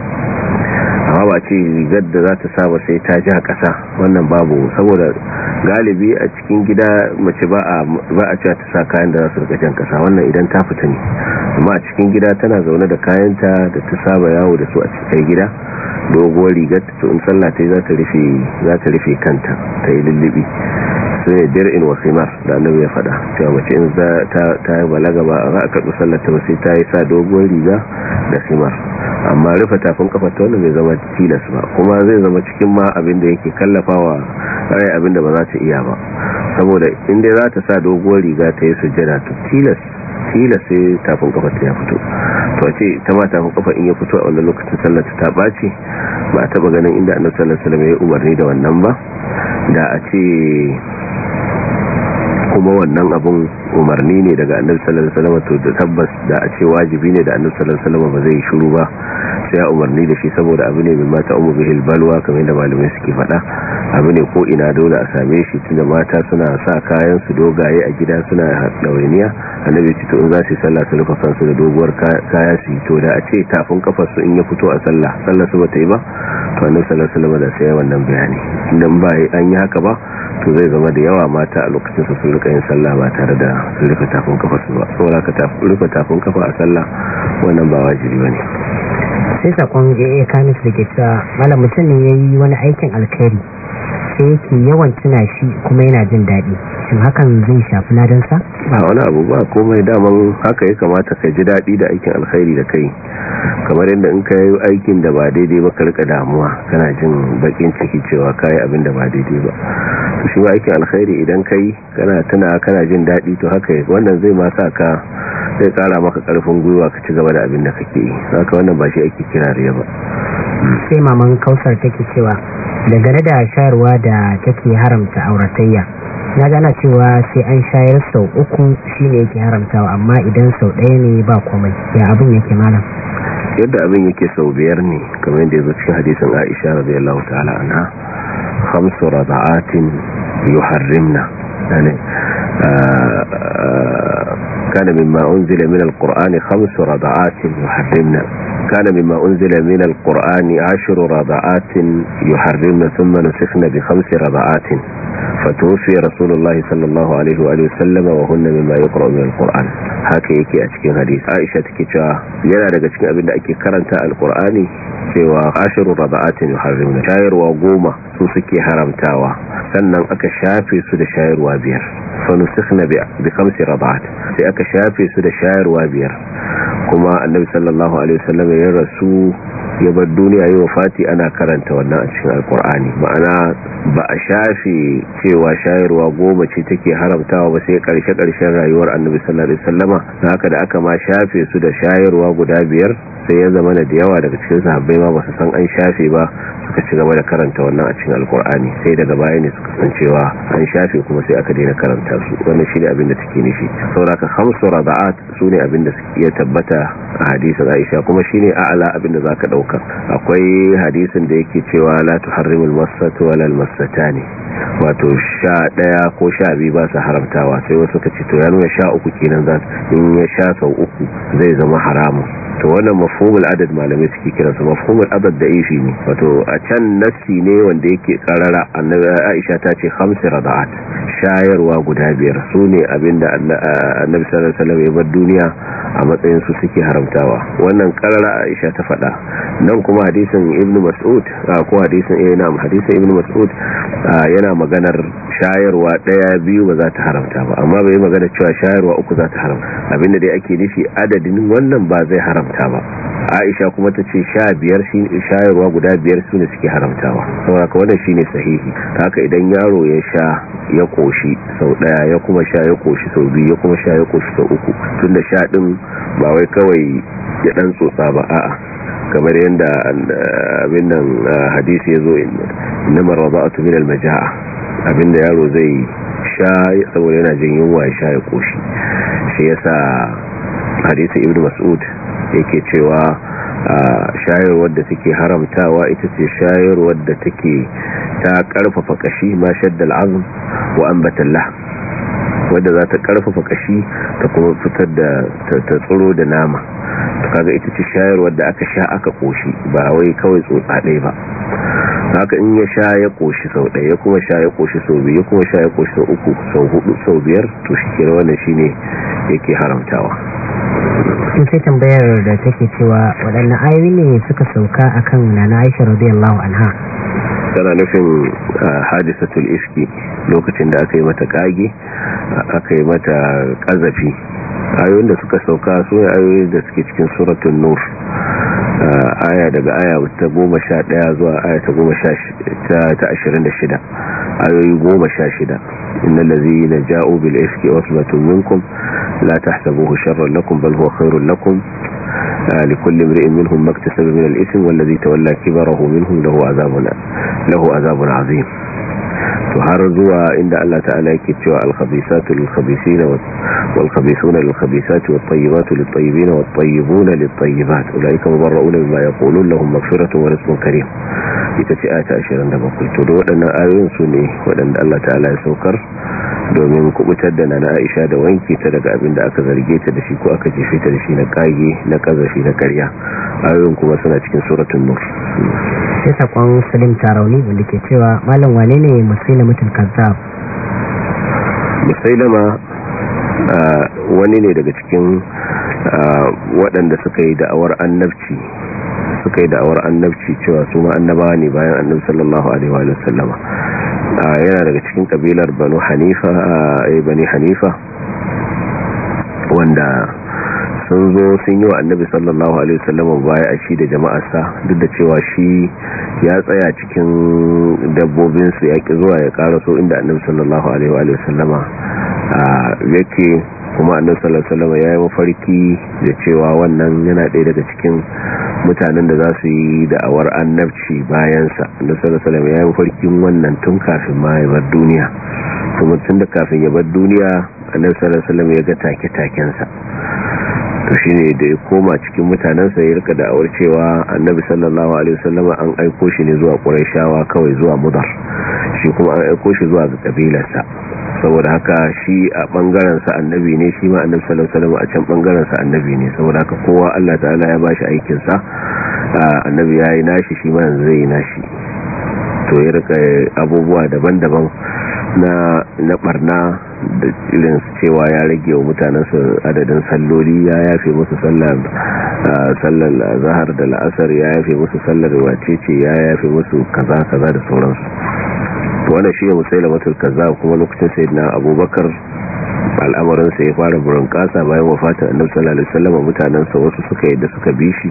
amma ba ce rigar da za ta saba sai ta ji a ƙasa wannan babu saboda galibi a cikin gida mace ba a cewa ta sa kayan da za su rikajen ƙasa wannan idan ta fita ne amma a cikin gida tana zaune da kayanta da ta saba yawo da su a cikin gida doguwar rigar ta in sallah ta yi za ta rufe kanta ta yi lullubi sai dir wa simar da annabi ya fada cewa mace in za ta ta balaga ba a ka sallar ta sai ta yi sa dogon riga da simar amma rufe tafin kafa ta wannan bai zama tilas ba kuma zai zama cikin ma abin da yake kallafawa rai abin da ba za ta iya ba saboda in dai za ta sa dogon riga ta yi sujjada to tilas kila sai tafin kafa ta ya fito to a ce ta ba tafin kafa in ya fito a wannan lokacin sallar ta ɓaci ba a taɓa ganin inda annabi sallallahu alaihi wasallam ya umarni da wannan ba da a ce kuma wannan abin umarni ne daga annabi sallallahu alaihi wasallam to da tabbas da a ce wajibi ne da annabi sallallahu alaihi wasallam ba zai shiru ba sai ya umarni da shi saboda abu ne mai mata umu bihil balwa kamar da malamai suke faɗa abu ne ko ina dole a same shi tunda mata suna sa kayan su dogaye a gida suna dawainiya annabi ce to in za su yi sallah su rufa kansu da doguwar kaya su to da a ce tafin kafar su in ya fito a sallah sallah su bata yi ba to annabi sallallahu alaihi wasallam da sai wannan bayani idan ba an yi haka ba to zai zama da yawa mata a lokacin su sun rika yin sallah ba tare da sun rika tafin kafa su ba ka rika tafin kafa a sallah wannan ba wajibi bane sai sakon jaa kamis da ke cewa malam mutum ne ya yi wani aikin alkhairi sai yake yawan tuna shi kuma yana jin daɗi shin hakan zai shafi ladansa ba wani abu ba komai daman haka ya kamata ka ji daɗi da aikin alkhairi da kai kamar yadda in ka yi aikin da ba daidai ba ka rika damuwa kana jin bakin ciki cewa ka yi abin da ba daidai ba to shi ba aikin alkhairi idan ka yi kana tana kana jin daɗi to haka ya wannan zai ma sa ka zai kara maka karfin gwiwa ka ci gaba da abin da kake yi haka wannan ba shi ake kira riya ba sai maman kausar take cewa dangane da shayarwa da take haramta auratayya na gana cewa sai an shayar sau uku shi ne yake haramtawa amma idan sau ɗaya ne ba komai ya abin yake malam yadda abin yake sau biyar ne kamar yadda ya zo cikin hadisun a ishara da hadisin Aisha radiyallahu ta'ala anha khamsu rada'atin yuharrimna yani kana mimma unzila min alqur'ani khamsu rada'atin yuharrimna كان مما أنزل من القرآن عشر رضاءات يحرمن ثم نسخن بخمس رضاءات فتوفي رسول الله صلى الله عليه وآله وسلم وهن مما يقرأ من القرآن haka yake a cikin hadisi Aisha take cewa yana daga cikin abin da ake karanta alqur'ani cewa ashiru rabaatin yuharrimuna tayarwa goma su suke haramtawa sannan aka shafe su da shayarwa biyar fanusikhna bi khamsi rabat sai aka shafe su da shayarwa biyar kuma annabi sallallahu alaihi wasallam ya rasu ya bar duniya yi Fati ana karanta wannan a cikin alkur'ani ma'ana ba a shafe cewa shayarwa goma ce take haramtawa ba sai karshe karshen rayuwar annabi sallallahu alaihi wasallama haka da aka ma shafe su da shayarwa guda biyar sai ya zama da yawa daga cikin sahabbai ma ba su san an shafe ba suka ci gaba da karanta wannan a cikin alkur'ani sai daga baya ne suka san cewa an shafe kuma sai aka daina karanta su wannan shi ne abin da take nishi sauraka hamsu raba'at su ne abin da ya tabbata a hadisin aisha kuma shi ne a'ala abin da za ka ɗauka akwai hadisin da yake cewa la tuharrimul masatu wal masatani wato sha ɗaya ko sha biyu ba su haramtawa sai wasu ka ce to ya nuna sha uku kenan za in ya sha sau uku zai zama haramun to wannan mafi mafhumul adad malamai suke su mafhumul abad da ifi ne wato a can nassi ne wanda yake karara annabi Aisha ta ce khamsi rada'at shayarwa guda biyar sune abinda annabi sallallahu alaihi wasallam ya bar duniya a matsayin su suke haramtawa wannan karara Aisha ta faɗa nan kuma hadisin Ibn Mas'ud ko hadisin eh na'am hadisin Ibn Mas'ud yana maganar shayarwa daya biyu ba za ta haramta ba amma bai magana cewa shayarwa uku za ta haramta abinda dai ake nufi adadin wannan ba zai haramta ba aisha kuma ta ce sha biyar shayarwa guda biyar su ne suke haramtawa saboda ka wannan ne sahihi haka idan yaro ya sha ya koshi sau daya ya kuma sha ya koshi sau biyu ya kuma sha ya koshi sau uku tun da sha din ba wai kawai ya dan tsotsa ba a'a kamar yadda eh, abin nan eh, hadisi ya zo inna rada'atu min al-majaa abin da yaro zai sha saboda yana jin yunwa ya sha ya koshi shi yasa hadisi Ibn mas'ud yake cewa shayarwar da take haramtawa ita ce shayarwar da take ta karfafa kashi ma shaddal azm wa ambatallah wadda za ta karfafa kashi ta kuma fitar da ta tsoro da nama kaga ita ce shayarwar da aka sha aka koshi ba wai kawai tsotsa ɗaya ba haka in ya sha ya koshi sau ɗaya kuma sha ya koshi sau biyu kuma sha ya koshi sau uku sau hudu sau biyar to shi kira wannan shine yake haramtawa to sai tambayar da take cewa waɗanne ayoyi ne suka sauka akan nana Aisha radiyallahu anha tana nufin ah, hadisatul iski lokacin da aka yi mata kage aka yi mata kazafi ayoyin da suka sauka su ne ayoyin da suke cikin suratun nur aya daga aya ta goma sha ɗaya zuwa aya ta goma sha ta ashirin da shida ayoyi goma sha shida inna lazi na ja'o bil iski wasu osmatun minkum la ta buhu sharrar lakun bal huwa khairun lakum likulli mri'in minhum makta min al-ithm wallazi tawalla kibarahu minhum lahu azabun lahu azabun azim to har zuwa inda Allah ta'ala yake cewa al-khabisatu lil-khabisina wal-khabisuna lil-khabisati wat-tayyibatu lit-tayyibina wat-tayyibuna lit-tayyibat ulaika mubarra'una mimma yaqulun lahum maghfiratun wa rizqun karim ita ce ayata 27 to da wadannan ayoyin su ne wadanda Allah ta'ala ya saukar domin kubutar da nana aisha da wanke ta daga abin da aka zarge ta da shi ko aka jefe ta da shi na kage na kazafi na karya ayoyin kuma suna cikin suratun nur sai sakon salim tarauni wanda ke cewa malam wane ne musailama tulkazzab musailama wani ne daga cikin waɗanda suka yi da'awar annabci suka yi da'awar annabci cewa su ma annabawa ne bayan annabi sallallahu alaihi wa sallama yana daga cikin kabilar banu hanifa a bani hanifa wanda sun zo sun yi wa annabi sallallahu alaihi wasallam baya a shi da jama'arsa duk da cewa shi ya tsaya cikin dabbobinsu ya ki zuwa ya ƙara karaso inda annabi sallallahu alaihi wasallama yake kuma annabi sallallahu alaihi wasallam yayi mafarki da cewa wannan yana ɗaya daga cikin mutanen da za su yi da'awar annabci bayan sa annabi sallallahu alaihi wasallam yayi mafarkin wannan tun kafin ma ya bar duniya kuma tun da kafin ya bar duniya annabi sallallahu alaihi wasallam ya ga take-taken sa to shi ne da ya koma cikin mutanensa ya rika da'awar cewa annabi sallallahu alaihi wasallama an aiko shi ne zuwa qurayshawa kawai zuwa mudar shi kuma an aiko shi zuwa ga kabilarsa saboda haka shi a bangaren sa annabi ne shi ma annabi sallallahu alaihi wasallama a can bangaren sa annabi ne saboda haka kowa Allah ta'ala ya bashi aikin sa annabi yayi nashi shi ma yanzu zai nashi to ya rika abubuwa daban-daban na na barna da irin cewa ya rage wa mutanensu adadin salloli ya yafe musu sallar zahar da la'asar ya yafe musu sallar wacece ya yafe musu kaza kaza da sauransu wannan shi ya ne da matul kaza kuma lokacin na abubakar al'amarinsa ya fara burin bayan wafatar annabi sallallahu alaihi wasallam sa wasu suka yadda suka bi shi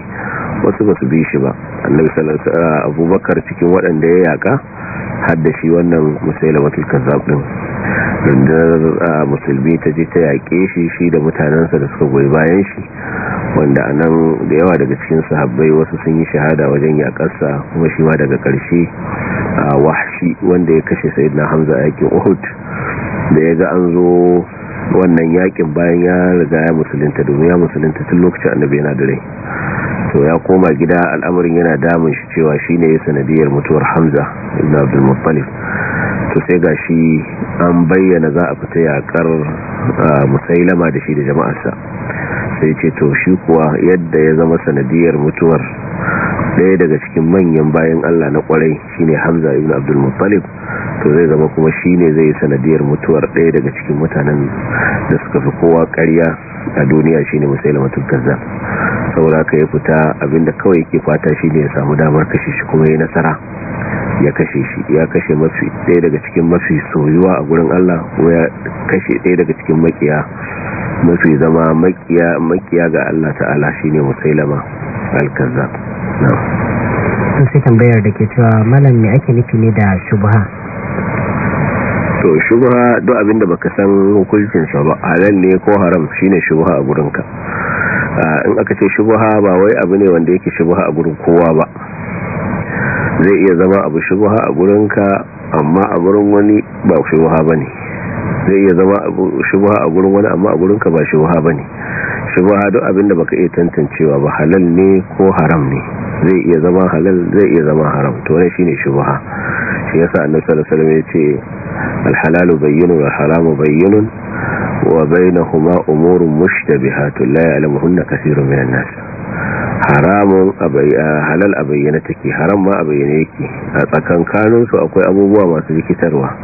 wasu ba su bi shi ba annabi sallallahu alaihi wasallam uh, abubakar cikin waɗanda ya yaka har da shi wannan musailamatul kazzab din rundunar uh, musulmi ta je ta yaƙe shi shi da mutanensa da suka goyi bayan shi wanda a nan da yawa daga cikin sahabbai wasu sun yi shahada wajen yaƙarsa kuma shi ma daga ƙarshe a uh, wahshi wanda ya kashe sayid hamza yaƙin uhud da ya ga an zo wannan yakin bayan ya riga ya musulunta domin ya musulunta tun lokacin annabi yana da rai to ya koma gida al'amarin yana damun shi cewa shi ne ya sanadiyar mutuwar hamza ibn muttalif to sai ga shi an bayyana za a fita yakar musailama da shi da jama'arsa sai ce to shi kuwa yadda ya zama sanadiyar mutuwar ɗaya daga cikin manyan bayan allah na kwarai shine hamza ibn muttalif to zai zama kuma shi ne zai sanadiyar mutuwar ɗaya daga cikin mutanen da suka fi kowa karya a duniya shi ne tun gaza saboda ka ya fita abinda kawai ke fata shi ne ya samu damar kashe shi kuma ya yi nasara ya kashe shi ya kashe mafi ɗaya daga cikin mafi soyuwa a gurin allah kuma ya kashe ɗaya daga cikin makiya mafi zama makiya ga allah ta'ala shi ne musailama alkaza na sai tambayar da ke cewa malam me ake nufi ne da shubha to shubha duk abinda baka san hukuncin sa ba halal ne ko haram shine shubha a gurin ka in aka ce shubha ba wai abu ne wanda yake shubha a gurin kowa ba zai iya zama abu shubha a gurin ka amma a gurin wani ba shubha bane zai iya zama abu shubha a gurin wani amma a gurin ka ba shubha bane shubha duk abinda baka iya tantancewa ba halal ne ko haram ne zai iya zama halal zai iya zama haram to ne shine shubha shi yasa annabi sallallahu alaihi wasallam ce alhalalu bayyinun wal haramu bayyinun wa bainahuma umurun mushtabihatun la ya'lamuhunna kathirun minan nas haramun halal a bayyana take haram ma a bayyana yake a tsakan kanunsu akwai abubuwa masu rikitarwa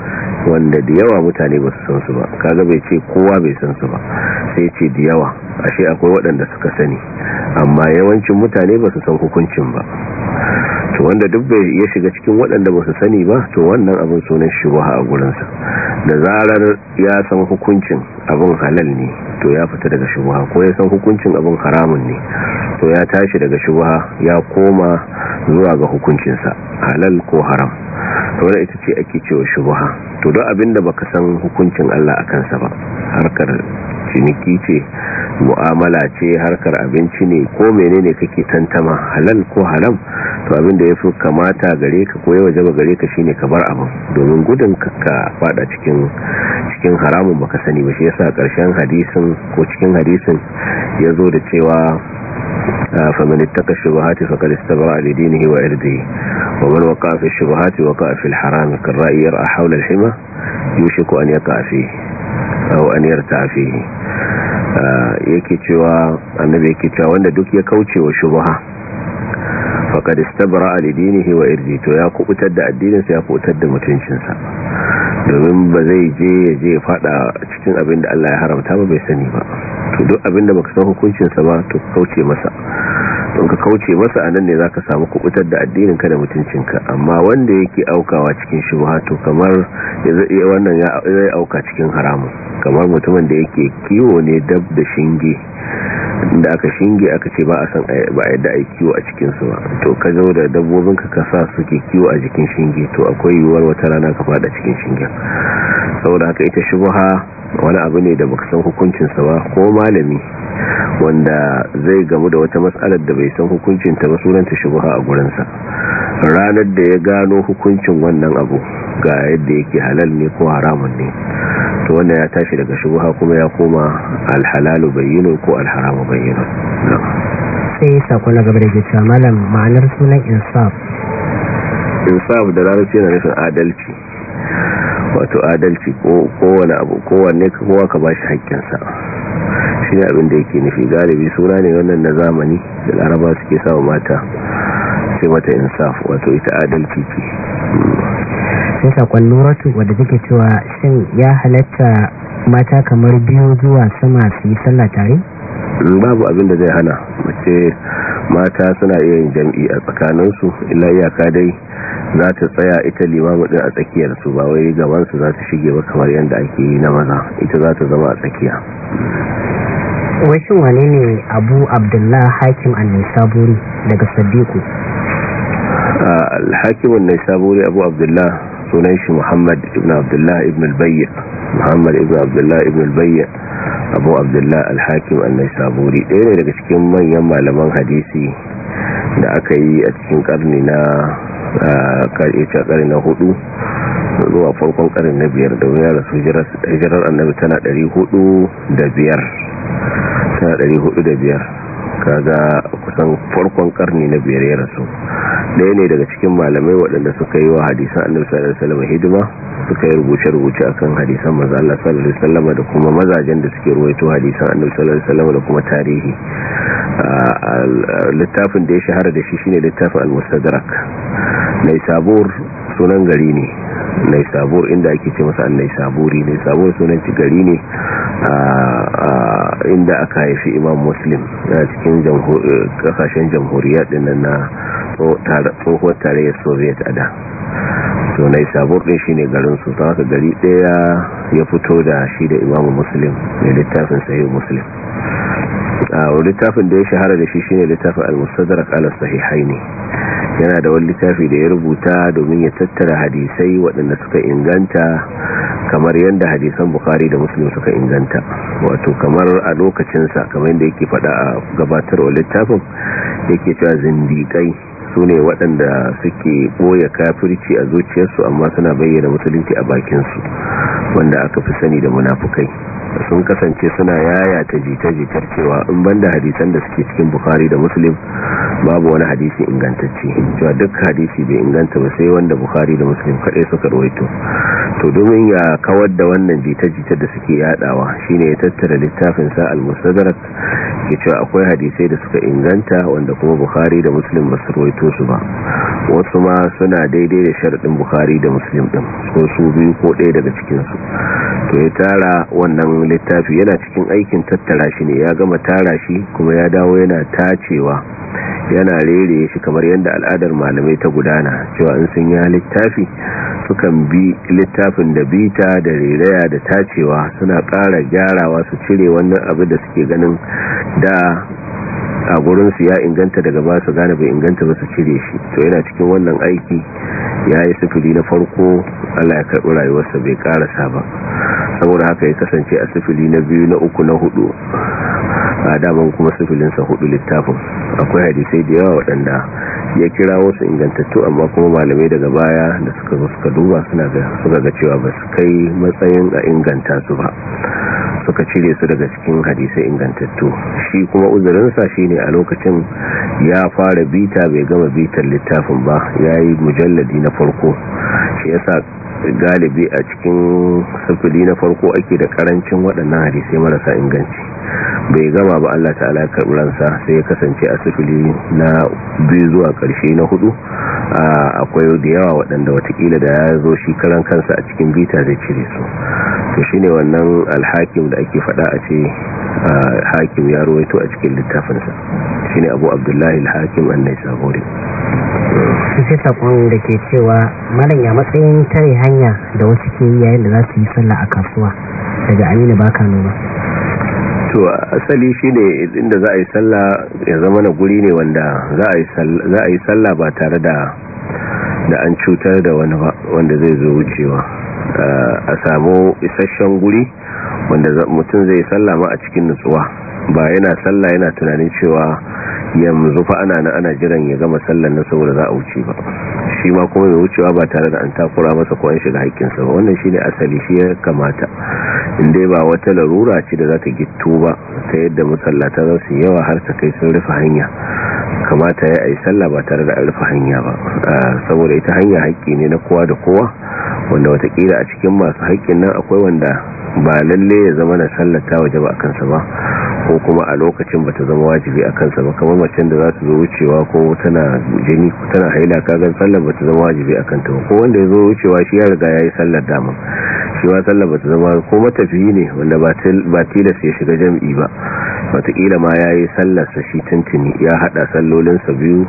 wanda da yawa mutane ba su san su ba kaga bai ce kowa bai san su ba sai ce da yawa ashe akwai waɗanda suka sani amma yawancin mutane ba su san hukuncin ba to wanda duk bai ya shiga cikin waɗanda ba su sani ba to wannan abin sunan shubuha a gurinsa da zarar ya san hukuncin abin halal ne to ya fita daga shubuha ko ya san hukuncin abin haramun ne to ya tashi daga shubuha ya koma zuwa ga hukuncinsa halal ko haram wadda ita ce ake cewa shubuha to duk abinda baka san hukuncin Allah a kansa ba harkar ciniki ce mu'amala ce harkar abinci ne ko menene kake tantama halal ko haram to abin da yafi kamata gare ka ko yawa jaba gare ka shine ka bar abin domin gudun ka fada cikin cikin haramun baka sani ba shi yasa karshen hadisin ko cikin hadisin zo da cewa فمن اتقى الشبهات فقد استبرع لدينه وإرضه ومن وقع fi al haram في ra'i كالرأي hawla al hima يوشك an yaqa فيه kawo aniyar ta fihi ah, yake cewa annabi yake cewa wanda duk ya kauce wa shubha faqad istabra li dinihi wa irdi to ya kubutar da addininsa ya kubutar da mutuncinsa domin ba zai je ya je fada cikin abin da Allah ya haramta ba bai sani ba to duk abin da baka san hukuncinsa ba to kauce masa don ka kauce masa a nan ne za ka samu kubutar da addininka da mutuncinka amma wanda yake aukawa cikin shubha to kamar eh, wannan ya auka cikin haramun kamar mutumin da yake kiwo ne dab da shinge da aka shinge aka ce ba a san eh, ba yadda a kiwo a cikinsu ba to ka zo da dabbobin ka sa suke kiwo a jikin shinge to akwai yiwuwar wata rana ka fada cikin shingen saboda haka ita shubha wani abu ne da baka san hukuncinsa ba ko malami wanda zai gamu da wata matsalar da bai san hukuncin ta ba sunanta shubuha a gurinsa ranar da ya gano hukuncin wannan abu ga yadda yake halal ne ko haramun ne to wannan ya tashi daga shubha kuma ya koma alhalalu bayyinun ko alharamu bayyinun sai sako na gaba da cewa malam ma'anar sunan insaf insaf da ranar yana nufin adalci wato adalci kowane abu kowanne kowa ka ba shi haƙƙinsa shi ne abinda yake nufi galibi suna ne wannan na zamani da laraba suke sawa mata sai mata insaf wato ita adalci ce sai sakon nuratu wadda take cewa shin ya halatta mata kamar biyu zuwa sama su yi sallah tare babu abin da zai hana mace mata suna iya yin jam'i a tsakaninsu illa iyaka dai za ta tsaya ita limamu din a tsakiyarsu ba wai gabansu za ta shige ba kamar yadda ake yi na maza ita za ta zama a tsakiya washin wane ne abu hakim annisaburi daga sadiku hakimin nisaburi abu abdullah sunan shi muhammad ibn abdullah ibn albayya muhammad ibn abdullah ibn bayya abu abdullah al-hakim an-naisaburi ɗaya ne daga cikin manyan malaman hadisi da aka yi a cikin karni na karyace karni na hudu zuwa farkon karni na biyar da wani rasu jirar annabi tana biyar. kaga kusan farkon karni na biyar ya rasu ɗaya ne daga cikin malamai waɗanda suka yi wa hadisan annabi sallallahu alaihi wasallam hidima suka yi rubuce-rubuce akan hadisan manzo Allah sallallahu alaihi da kuma mazajen da suke ruwaito hadisan annabi sallallahu alaihi wasallam da kuma tarihi littafin da ya shahara da shi shine littafin al-mustadrak sabuwar sunan gari ne sabuwar inda ake ce masa an mai sabuwar sunan gari ne inda aka haifi imam muslim eh, na cikin kasashen jamhuriya dinnan na tsohuwar tarayyar soviet a da to na isa ɗin shi ne garin su ta haka gari daya ya fito da shi da imam muslim mai littafin sayi muslim littafin da ya shahara da shi shine littafin al-mustadrak ala sahihaini yana da wani littafi da ya rubuta domin ya tattara hadisai waɗanda suka inganta kamar yadda hadisan bukhari da muslim suka inganta wato kamar a lokacinsa kamar yadda yake faɗa a gabatarwa littafin yake cewa zindiƙai su ne waɗanda suke ɓoye kafirci a zuciyarsu amma suna bayyana musulunci a bakinsu wanda aka fi sani da munafukai sun kasance suna yaya ta jita-jitar cewa in banda hadisan da suke cikin bukhari da muslim babu wani hadisi ingantacce cewa duk hadisi bai inganta ba sai wanda bukhari da muslim kaɗai suka ruwaito to domin ya kawar da wannan jita-jitar da suke yadawa shine ya tattara littafin sa al ke cewa akwai hadisai da suka inganta wanda kuma bukhari da muslim ba su ruwaito su ba wasu ma suna daidai da sharaɗin bukhari da muslim ɗin ko su biyu ko ɗaya daga cikin su to ya tara wannan samu littafi yana cikin aikin tattara shi ne ya gama tara shi kuma ya dawo yana tacewa yana rere shi kamar yadda al'adar malamai ta gudana cewa in sun ya littafi sukan bi littafin da bita da reraya da tacewa suna ƙara gyarawa su cire wannan abu da suke ganin da a gurinsu ya inganta daga ba su gane bai inganta ba su cire shi to yana cikin wannan aiki ya yi sufuri na farko allah ya karɓi rayuwarsa bai ƙarasa ba saboda haka ya kasance a sifili na biyu na uku na hudu a daman kuma sifilinsa hudu littafin akwai hadisai da yawa waɗanda ya kira wasu ingantattu amma kuma malamai daga baya da suka zo suka duba suna ga cewa ba su kai matsayin a inganta su ba suka cire su daga cikin hadisai ingantattu shi kuma uzurinsa shi ne a lokacin ya fara bita bai gama bitar littafin ba ya yi mujalladi na farko shi ya sa galibi a cikin sufuli na farko ake da karancin waɗannan hadisai marasa inganci bai gama ba Allah ta'ala ya karɓi ransa sai ya kasance a sufuli na biyu zuwa ƙarshe na hudu akwai da yawa waɗanda watakila da ya zo shi karan kansa a cikin bita zai cire su to shine wannan alhakim da ake faɗa a ce hakim ya ruwaito a cikin littafinsa shine abu abdullahi alhakim an annai sabori sai sakon da ke cewa malam ya matsayin tare hanya da wasu ke yayin da za su yi sallah a kasuwa daga aminu ba kano ba to asali shi ne inda za a yi sallah ya zama na guri ne wanda za a yi sallah ba tare da da an cutar da wani ba wanda zai zo wucewa eh, a samu isasshen guri wanda mutum zai sallah ma a cikin nutsuwa ba yana sallah yana tunanin cewa yanzu fa ana nan ana jiran ya gama sallan na saboda za a wuce ba shi ma kuma mai wucewa ba tare da an takura masa ko shiga haƙƙinsa ba wannan shi ne asali shi ya kamata inda ba wata larura ce da za ta gitto ba ta yadda masallata za su yawa har ta kai sun rufe hanya kamata ya yi sallah ba tare da an rufe hanya ba ah, saboda ita hanya haƙƙi ne na kowa da kowa wanda watakila a cikin masu haƙƙin nan akwai wanda ba lalle ya zama na tsallata waje ba a kansa ba ko kuma a lokacin ba ta zama wajibi a kansa ba kamar macen da za ta zo wucewa ko tana jini ko tana haila kagan sallar ta zama wajibi a kanta ba ko wanda ya zo wucewa shi ya riga ya yi sallar dama shi ma sallar ba ta zama ko matafiyi ne wanda ba tilas ya shiga jam'i ba wataƙila ma ya yi sa shi tuntuni ya haɗa sallolinsa biyu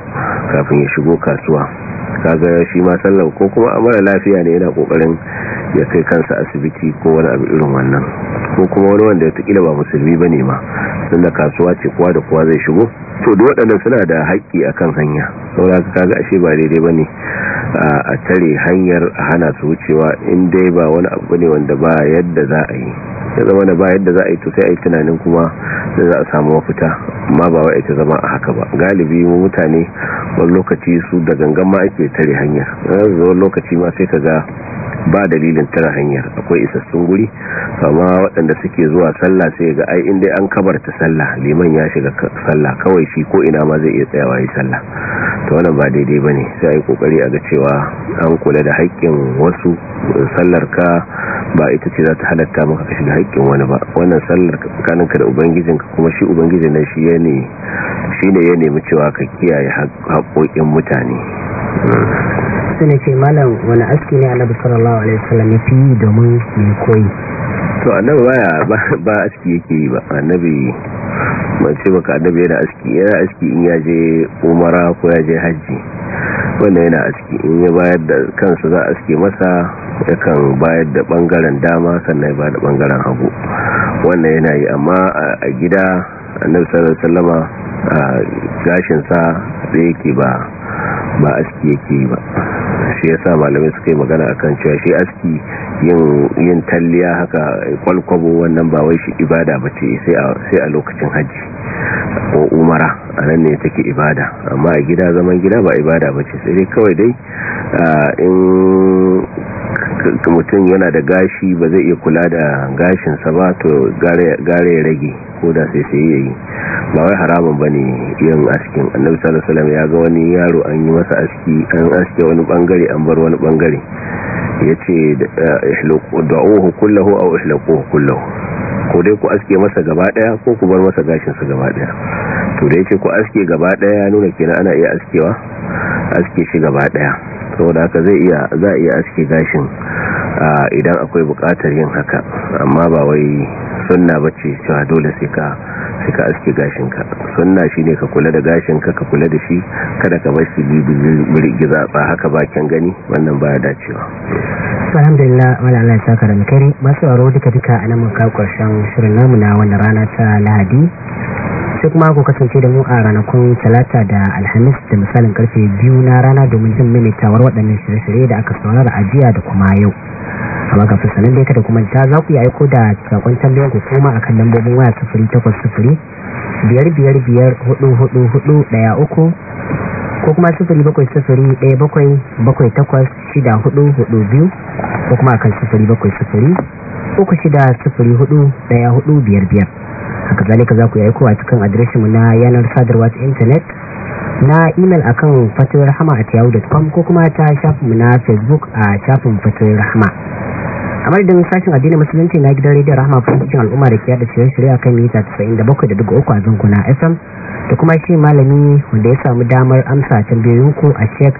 kafin ya shigo kasuwa kaga shi ma sallar ko kuma a mara lafiya ne yana ƙoƙarin ya kai kansa asibiti ko wani abu irin wannan ko kuma wani wanda ya watakila ba musulmi ba ne ma da kasuwa ce kowa da kowa zai shigo to da waɗannan suna da haƙƙi akan hanya saboda kaga ashe ba daidai ne a tare hanyar hana su wucewa inda dai ba wani abu ne wanda ba yadda za a yi ya zama da ba yadda za a yi to sai a yi tunanin kuma da za a samu mafita amma ba wa'ita zama a haka ba galibi mu mutane wani lokaci su da gangan ma ake tare hanyar wani lokaci ma sai ka ga ba dalilin tare hanyar akwai isassun guri amma waɗanda suke zuwa sallah sai ga ai inda an kabarta sallah liman ya shiga sallah kawai shi ko ina ma zai iya tsayawa yi sallah ta wannan ba daidai ba ne sai yi kokari a ga cewa an kula da haƙƙin wasu sallar ka ba ita ce za ta halatta maka kashi da haƙƙin wani ba wannan sallar tsakaninka da ubangijinka kuma shi ubangijin na shi ne ya nemi cewa ka kiyaye haƙoƙin mutane sai ce malam wani aski ne annabi sallallahu alaihi wasallam ya fi domin mai koyi to annabi baya ba aski yake yi ba annabi ban ce baka annabi yana aski yana aski in ya je umara ko ya je hajji wanda yana aski in ya bayar da kansa za a aske masa kan bayar da bangaren dama sannan ya ba da bangaren hagu wannan yana yi amma a gida annabi sallallahu alaihi wasallama gashin sa da yake ba ba aski yake ba shi yasa malamai suka yi magana akan cewa shi aski yin talliya haka kwalkwabo wannan ba wai shi ibada ba ce sai a lokacin hajji ko umara a nan ne take ibada amma a gida zaman gida ba ibada ba ce sai dai kawai dai in mutum yana da gashi ba zai iya kula da gashinsa ba to gare ya rage ko da sai sai yayi ba wai haramun bane yin askin annabi sallallahu alaihi ya ga wani yaro an yi masa aski an aske wani bangare an bar wani bangare yace eh, ihluqu da'uhu kullahu aw ihluquhu kullahu ko dai ku aske masa gaba daya ko ku bar masa gashinsa gaba daya to dai yace ku aske gaba daya nuna kenan ana iya askewa aske shi gaba daya saboda haka zai iya za a iya aski gashin idan akwai bukatar yin haka amma ba wai sunna bace cewa dole sai ka sai ka gashin ka sunna shine ka kula da gashin ka ka kula da shi kada ka bar shi birgiza ba haka bakin gani wannan baya dacewa alhamdulillah wala Allah ya saka ranka alkhairi masu aro duka duka nan mun kawo karshen shirin namu na wannan rana ta Lahadi sai kuma ku kasance da mu a ranakun talata da alhamis da misalin karfe biyu na rana domin jin maimaitawar waɗannan shirye-shirye da aka saurara a jiya da kuma yau a kafin sanar da kada kuma ta za ku yi aiko da sakon tambayar ku kuma a kan lambobin waya sufuri takwas sufuri biyar biyar biyar hudu hudu hudu ɗaya uku ko kuma sufuri bakwai sufuri ɗaya bakwai bakwai takwas shida hudu hudu biyu ko kuma a kan sufuri bakwai sufuri uku shida sufuri hudu ɗaya hudu biyar biyar haka zalika za ku yi kowa cikin adireshinmu na yanar sadarwa ta intanet na imel akan fatiyar rahama a tiyawu.com ko kuma ta shafinmu na facebook a shafin fatiyar rahama a madadin sashen addinin musulunci na gidan rediyon rahama cikin al'umma da ke yada shirye-shirye a kan mita 97.3 a zankuna fm da kuma shi malami wanda ya samu damar amsa ku a sheik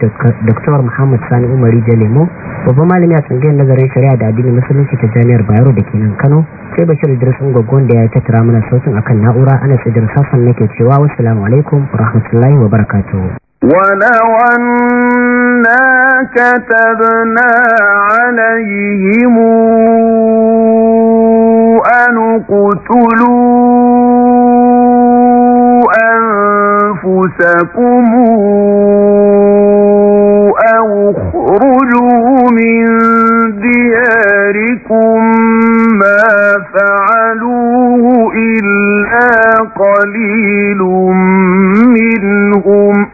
dr muhammad sani umar jalemo babban malami a tsangiyar nazarin shari'a da addinin musulunci ta jami'ar bayero da ke nan kano sai bashir idrisun gwaggon da ya tattara mana sautin kan na'ura ana tsidir sassan nake cewa wasu alaikum rahmatullahi wa barakatuhu ولو أنا كتبنا عليهم أن أنفسكم أو اخرجوا من دياركم ما فعلوه إلا قليل منهم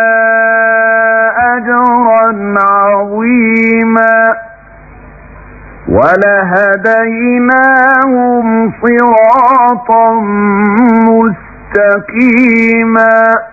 عظيما ولهديناهم صراطا مستقيما